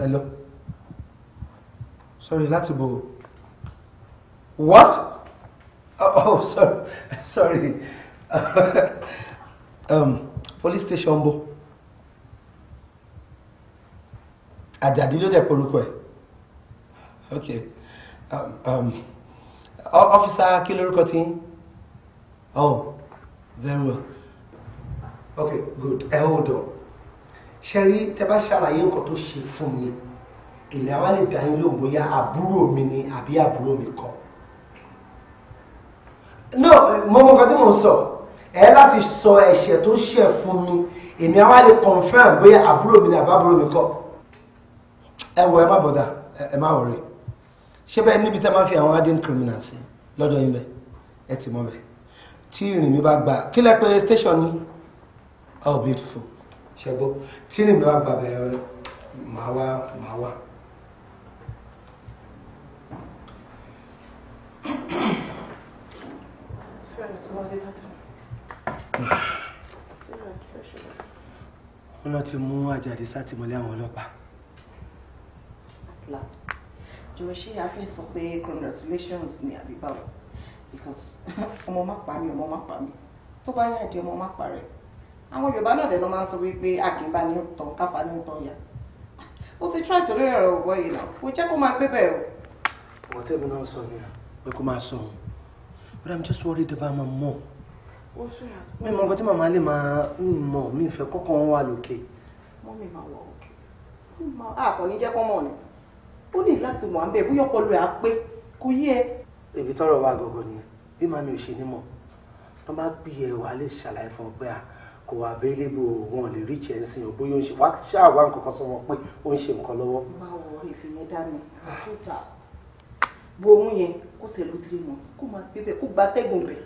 Hello. sorry láti bò what oh, oh sorry sorry um, police station bo àjàdí ló dẹ̀ porúkọ ẹ̀ ok um, um, officer kí oh very well Okay, good ẹ hold on ṣẹ́rí tẹ́ bá ṣàlàyé nǹkan tó ṣe fún mi èmi àwa lè dá yín lóhùn bóyá àbúrò mi ni àbí àbúrò mi kọ́ no mo mọ nǹkan tí mò ń sọ ẹ láti sọ ẹ̀ṣẹ̀ tó ṣẹ̀ fún mi èmi àwa lè confirm bóyá àbúrò mi ni àbí àbúrò mi kọ́ ẹ wọ ẹ má bọ̀dà ẹ má wọ̀rẹ́ ṣé bẹ́ẹ̀ níbi tẹ́ máa fi àwọn hardened criminals sí lọ́dọ̀ yín bẹ́ẹ̀ ẹ ti mọ̀ bẹ́ẹ̀ tí ìrìn mi bá gbà kí lẹ station ni oh beautiful ṣẹgbọ́ tí ní mi wá gbàgbé màá wá màá wá. wọ́n lọ ti mú àjàdí sátìmọ́lé àwọn ọlọ́pàá. at last jọ ṣé a fẹ́ sọ pé congratulations ni àbí báwo because ọmọ má pa mí ọmọ má pa mí tó bá yá àdé ọmọ má pa rẹ̀ àwọn yorùbá náà dẹnu máa ń sọ wípé àkínbá ní tọ̀hún káfa ní tọ̀ ya ó ti tíra ìtòrí rẹ̀ ọ̀gbọ́ yìí náà kò jẹ́ kó máa gbé bẹ́ẹ̀ o. wọ́n tẹ́gun náà sọ ni pé kó máa sùn but i'm just worried about my mom. ó sùn àgbà. mi mọ ọgbọ́n tí màmá lè máa ń mọ̀ mi fẹ́ kọ́kọ́ wọn wà lókè. mọ́ mi máa wọ òkè àkànní jẹ́ kọ́ mọ̀ ni ó ní láti wà ń bẹ̀ bóyá ọpọlọ ẹ̀ á pé kò yí ẹ. èmi tọrọ wa gọgọ nìyẹn bí màmí ò ṣe ní mọ tó bá gbìyẹ wà lè ṣàlàyé fún ọ pé à kò available wọn lè rí chẹ́nsìn o bóyá ó ń ṣe wá ṣáà wá nǹkan kan sọ wọn pé ó ń ṣe nǹkan lọ́wọ́. má wọ ìfìyẹn dá mi no bo ohun yẹn kó tẹ̀lé three months kó máa gbé bẹ́ẹ̀ kó gba tẹ́gùn bẹ́ẹ̀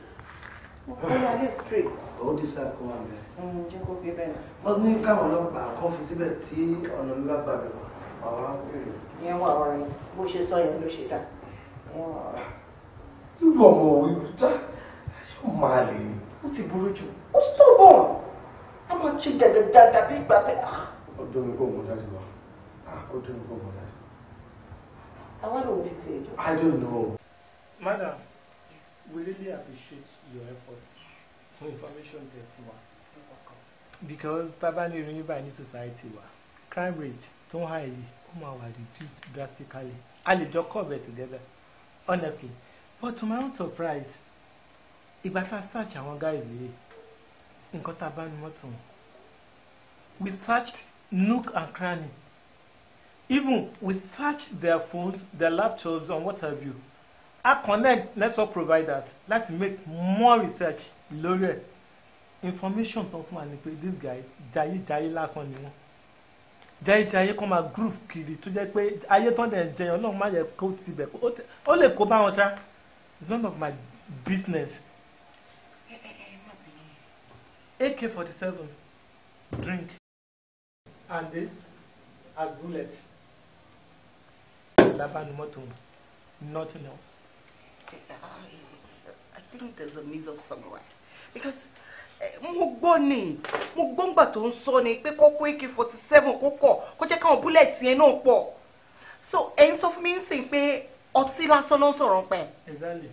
bóyá alẹ́ straight. ó dì sáà kó wà bẹ́ẹ̀. jẹ́ kó gbé bẹ́ẹ̀ náà. wọ́n ní káwọn ọlọ́pàá kan fi síbẹ̀ tí ọ̀nà mi bá gbà bẹ̀ wá wá bèrè. ìyẹn wà ọ̀rẹ́ bó ṣe sọ yẹn ló ṣe dá ìyẹn ọmọ òwe tá yóò máa lè. ó ti burú jù ó stop on a máa ṣe gẹ̀gẹ̀ dáadáa bí ìgbà tẹ. ó dún mi kó mú dájú wa ah, ó dún mi kó mú dájú. àwa I don't know. Madam, yes. we really appreciate your efforts for information tẹ you wa. because tábàlì ìròyìn báyìí society wa crime rate tó ń high yìí ó máa reduced drastically Ali, lè cover together honestly but to my own surprise if I a search àwọn guys yìí nǹkan tá a we searched nook and cranny even we searched their phones their laptops and what have you i connect network providers láti make more research lórí information tán fún wa ni pé these guys jayéjayé lásán ni wọ́n jayéjayé kọ́ máa groove kiri tó jẹ́ pé ayé tán dẹ̀ jẹyàn náà má yẹ kó tibẹ̀ ó lè kó bá wọn ṣá it's none of my business AK-47 drink and this as bullet Laban labanimoto nothing else. I think there's a mix up somewhere because eh, mo gbọ́ ni mo gbọ́ ngbà tó ń sọ ni pé kókó AK forty seven kó kọ̀ kó jẹ́ káwọn búlẹ̀tì yẹn náà pọ̀ so ẹ̀yin sọ fún mi ń sìn pé ọtí lásán ló ń sọ̀rọ̀ pẹ̀. exactly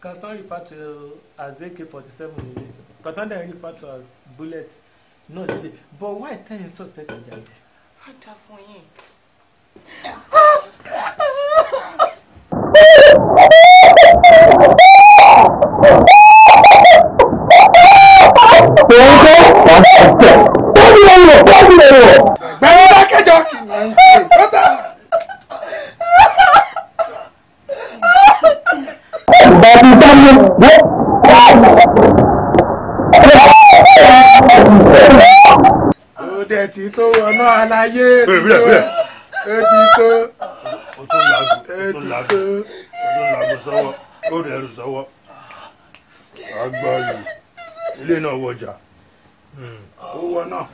can I refer to as AK forty seven nìyẹn. But Patanda refer to as bullets No, lédè but why tell you suspect ìjà dé. a dà fún yín. gbẹ̀rù lákẹ́jọ lọ́tà. ìgbà tí sáyé. ti tó wọnú aláyé ti tó ti tó ti tó. ó rẹ̀ ẹrù sọ́wọ́ agbáyé ilé náà wọjà hmm. ó wọ náà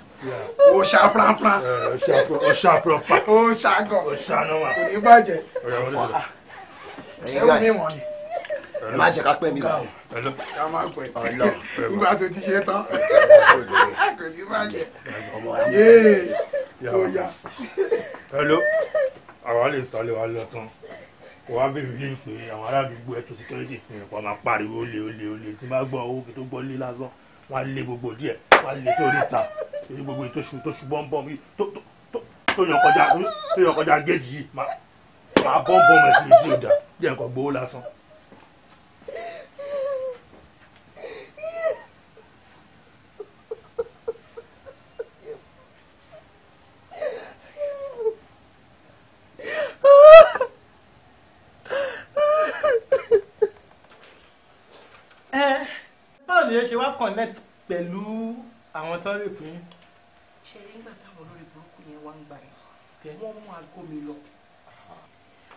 ó ṣá pranpran eh, ó ṣá propa ó ṣá gan ó ṣá náà wà kò ní bàjẹ́ ẹ̀wọ̀n mi wọ̀nyí ẹ má jẹ ká pẹ́ mi bá o. ká má pẹ́ ọlọ nígbà tó ti ṣe tán kò ní má jẹ yéé tó yá. hello àwa lè sọ lè wá lọ tán kò wá bèrè lè pé àwọn aládùúgbò ẹ tó security fún yẹn kó máa pariwo olè olè olè tí má gbọ́ owó kí tó gbọ́ lé lásán wọn á lé gbogbo díẹ̀ wọn á lé sórí ìta torí gbogbo ìtòṣù tó ṣù bọ́ńbọ́n mi tó tó tó yàn kọjá tó yàn kọjá géèjì yìí máa bọ́ńbọ́n mẹ́sìlẹ̀ tí ò dá bí ẹ̀kọ́ gbowó lásán. báwo ni ẹ ṣe wá connect pẹ̀lú àwọn tó rè fún yín. ṣe nígbà táwọn olórí burúkú yẹn wá ń gbà yẹn wọ́n mú aago mi lọ.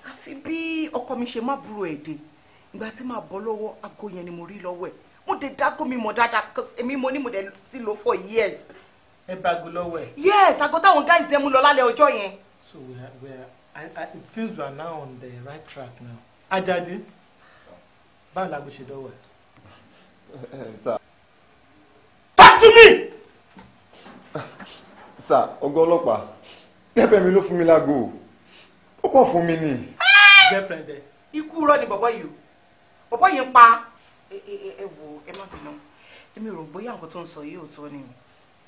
àfi bí ọkọ mi ṣe má burú ẹ̀ dé ìgbà tí màá bọ́ lọ́wọ́ aago yẹn ni mo rí lọ́wọ́ ẹ̀ mo dé dágó mi mọ̀ dáadáa èmi mo ní mo dé ti lò for years. ẹ bá aago lọ́wọ́ ẹ̀. yes aago táwọn guys yẹn mú lọ lálẹ́ ọjọ́ yẹn. so we are, we are I, it seems we are now on the right track now. Ajadi, báwo la gbé ṣe dọ́wọ́ Talk to me. Sir, ọgọ́ ọlọ́pàá, gẹ́fẹ̀ mi ló fún mi láago, ó kọ̀ fún mi ni. Gẹ́fẹ̀ndẹ. eh? rọ ni bọ̀bọ̀ yìí o, bọ̀bọ̀ yìí ń pa Eh eh eh eh bínú, èmi rò bóyá nǹkan tó ń sọ yìí òótọ́ ni,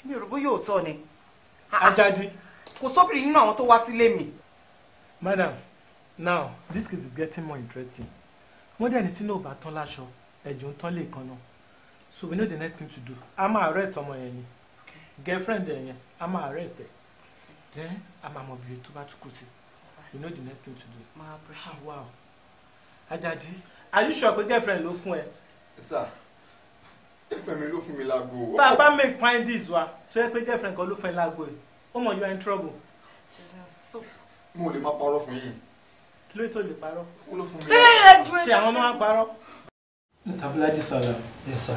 èmi rò bóyá òótọ́ ni. Ajadi. Kò sóbìrì nínú àwọn tó wá sílé mi madam now this case is getting more interesting wọ́n dẹ̀ ní tí náà bá tán láṣọ ẹ̀jọ̀ ń tán lè kan náà so we know the next thing to do a máa arrest ọmọ yẹn ni girlfriend ẹ̀ yẹn a máa arrest ẹ̀ then a máa mọ obìnrin tó bá tún kù sí we know the next thing to do ah wow Ajadi are you sure pé girlfriend ló fún ẹ. sir girlfriend mi ló fún mi láago. tá a bá make findings wa tó yẹ pé girlfriend kan ló fún ẹ láago yìí ó mọ you are in trouble. mo lè má parọ́ fún yín. kí ló tó lè parọ́. kó ló fún mi. ẹ ẹ mr abdulhadi salam yes sir.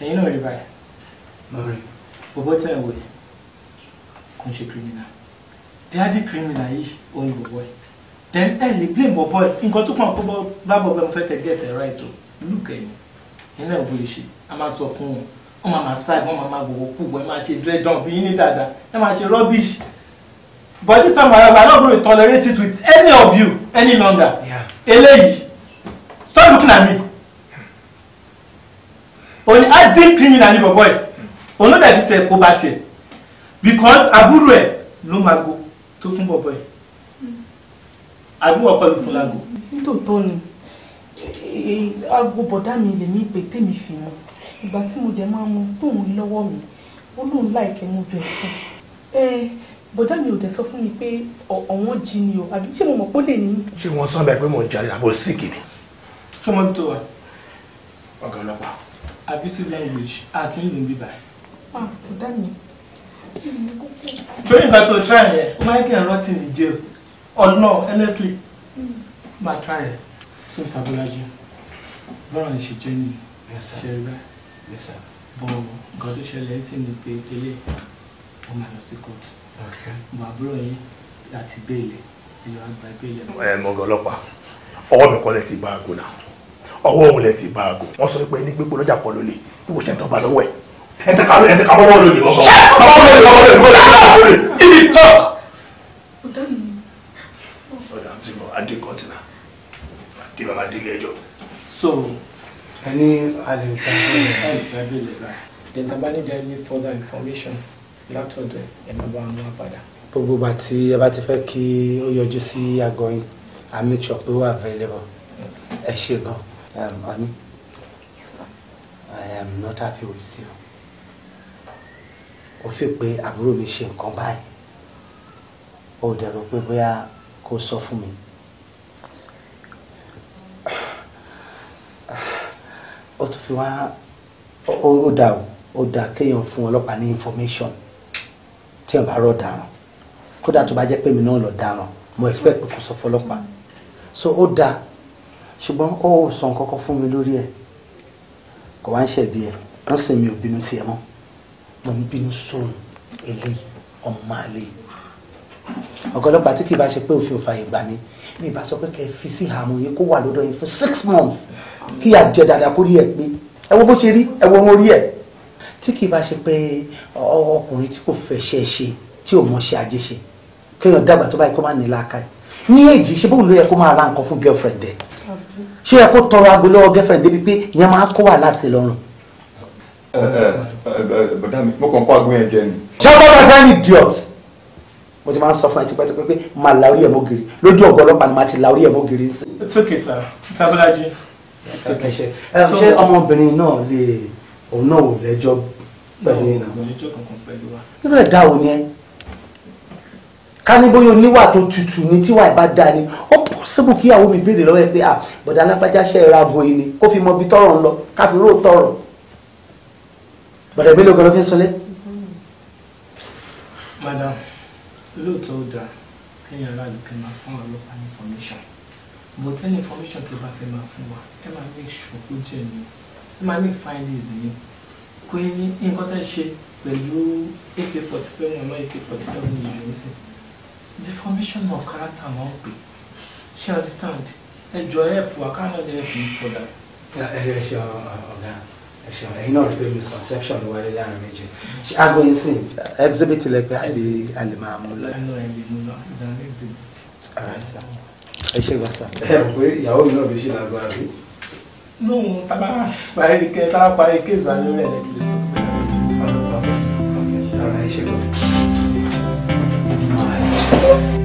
ẹ̀yin náà rí báyìí. lórí bọbọ tẹ ẹ wò kò ń ṣe criminal dáàdì criminal yìí òun bọbọ yìí then ẹ lè blame bọbọ yìí nǹkan tó kàn kó bọ mo fẹ́ get it right o look náà lè ṣe a máa sọ fún wọn wọn máa máa ṣáà wọn máa máa wọn máa but this time however i'm not going to tolerate it with any of you any longer eléyìí stop looking at me òní á dín criminal ní bọ̀bọ̀ ẹ̀ òun ló dàbí tiẹ̀ kó bá tiẹ̀ because àbúrò e ló máa go tó fún bọ̀bọ̀ boy àbúrò ọkọ ló fún lágo. nítòótọ́ ni aago bọ̀dá mi lèmi pé tèmi fi mọ ìgbà tí mo dẹ̀ máa mu tóun lọ́wọ́ mi ó lóun láìkẹ́ mo bẹ̀ fún un bọ̀dá mi ò dẹ̀ sọ fún mi pé ọ̀wọ́n jí ni o àbí ṣé mo mọ̀ pé ó lè ní. ṣé wọ́n sọ bẹ́ẹ̀ pé mò ń jalè àbò síkì ni. ṣé wọ́n tó wa. ọ̀gá ọlọ́pàá. àbí language akin ló ń bí báyìí. ah bọ̀dá mi. torí ìgbà tó try yẹn ó máa ń kí n rọ́ọ̀tì ní jail ọ̀nà honestly hmm. máa try yẹn so Mr. Bolaji bọ́rọ̀ ni ṣe jẹ́ ní ṣe rẹ́ bọ́ọ̀ nǹkan tó ṣẹlẹ̀ ń sìn ní pé eléyìí ó máa lọ sí kóòtù mo àbúrò yín láti béèlè ẹ̀yọ́ àgbà béèlè. ẹ mọ ọgá ọlọ́pàá ọwọ́ mi kọ́ lẹ ti bá aago náà ọwọ́ òun lẹ ti bá aago wọ́n sọ pé ní gbégbó lọ́jà kọ́ ló lè bí kò ṣe ń tọ́ba lọ́wọ́ ẹ̀ ẹ̀ tẹ́ka ẹ̀ tẹ́ka ọwọ́ ló lè ọkọ̀ ọwọ́ ló lè ọwọ́ lè ọwọ́ lè ọwọ́ lè ibi tọ́. ọ̀dà tí mo adé kọ́tìnà adé bàbá adé ilé ẹjọ́. so ẹni alẹ́ ìgbà bẹ́ẹ̀ ni ìgbà bẹ́ẹ̀ lè bá. then tabani there any further information látọ̀dọ̀ ẹ bá wọn padà. gbogbo ìgbà tí ẹ bá ti fẹ́ kí ó yọjú sí àgọ́ yín i make pé ó wà available ẹ ṣe gan honey um, i am not happy with you ó fi pé àbúrò mi ṣe nǹkan báyìí ó dẹ̀ rò pé bóyá kó sọ fún mi. ó tún fi wá ó dà ó dà kéèyàn fún ọlọ́pàá ní information tí n bá rọ̀ dáràn kódà tó bá jẹ́ pé mi náà lọ dáràn mo expect kò sọ fọlọ́pàá so ó dáa ṣùgbọ́n ó sọ nǹkan kan fún mi lórí ẹ̀ kò wá ń ṣẹ̀bi ẹ̀ wọ́n sì mi ò bínú sí ẹ mọ́ mo ń bínú sóun eléyìí ọmọ àlè ọ̀gọ́lọ́pàá tí kì í bá ṣe pé òfin òfààyè gbà mí mi ìbá sọ pé kẹ́ ẹ fi sí àmọ́ yẹn kó wà lọ́dọ̀ yẹn fún six months kí àjẹ dáadáa kó rí ẹ pé ẹ wo bó ṣe rí ẹ wo mo rí ẹ tí kì í bá ṣe pé ọkùnrin tí kò fẹ́ ṣe é ṣe tí ò mọ̀ ṣe ajé ṣe kéèyàn dàgbà tó báyìí kó má ní làákàyè ní èjì ṣe bóun ló yẹ kó máa ra nǹkan fún girlfriend ẹ ṣé yẹ kó tọrọ aago lọ́wọ́ girlfriend débi pé ìyẹn máa kó wà láṣẹ lọ́rùn. bọ̀dá mi mo kàn kó aago yẹn jẹ ni. ṣé ọgbọ́n bá fẹ́ ní idiot mo ti máa ń sọ fún ẹ tipẹ́tipẹ́ pé máa la orí ẹ̀ mọ́ gírí lójú ọ̀gọ́ ọlọ́pàá ni máa ti la orí ẹ̀ mọ́ gírí sí. it's okay sir it's ọmọbìnrin náà lè òun náà ò lẹ́jọ́ pẹ̀lú yín náà. nígbà dá o ní ká ní bóyá oníwà tó tutù ní tíwà ìbá dáa ni ó possible kí ìyàwó mi béèrè lọ́wọ́ ẹ pé ah bọ̀dá alápájá ṣe ra bo yìí ni kó fi mọ ibi tọrọ ń lọ ká fi róò tọrọ bọ̀dá mélòó kan ló fi ń sọlé. madam lóòótọ́ ó dáa kéèyàn aráàlú kẹ́ máa fún ọlọ́pàá information but any information tó bá fẹ́ máa fún wa ẹ máa make sure jẹ́ ni ẹ máa make findings yìí pé nǹkan tẹ́ ṣe pẹ̀lú AK-47 ọ̀nà AK-47 yìí yóò sí formation of character náà pè ṣe understand ẹ jọ help wa ká náà lè fi fọdà. ẹ ṣe ọ̀gá ẹ ṣe ọ̀gá iná rí pé misconception ló wáyé láàrin méjì aago yín sìn exhibit lẹ pé a lè máa mú lọ. ẹ lọ ẹ lè mú lọ it's an exhibit. ẹ ṣe gbọ́sà. ẹ rò pé ìyàwó mi náà bí ṣe lágbára bí lóhun tábà parí kẹ tábà parí kéèsì wa lórí ẹ̀rẹ́ tìlẹ̀ sọ pé ọlọ́pàá ọ̀fẹ́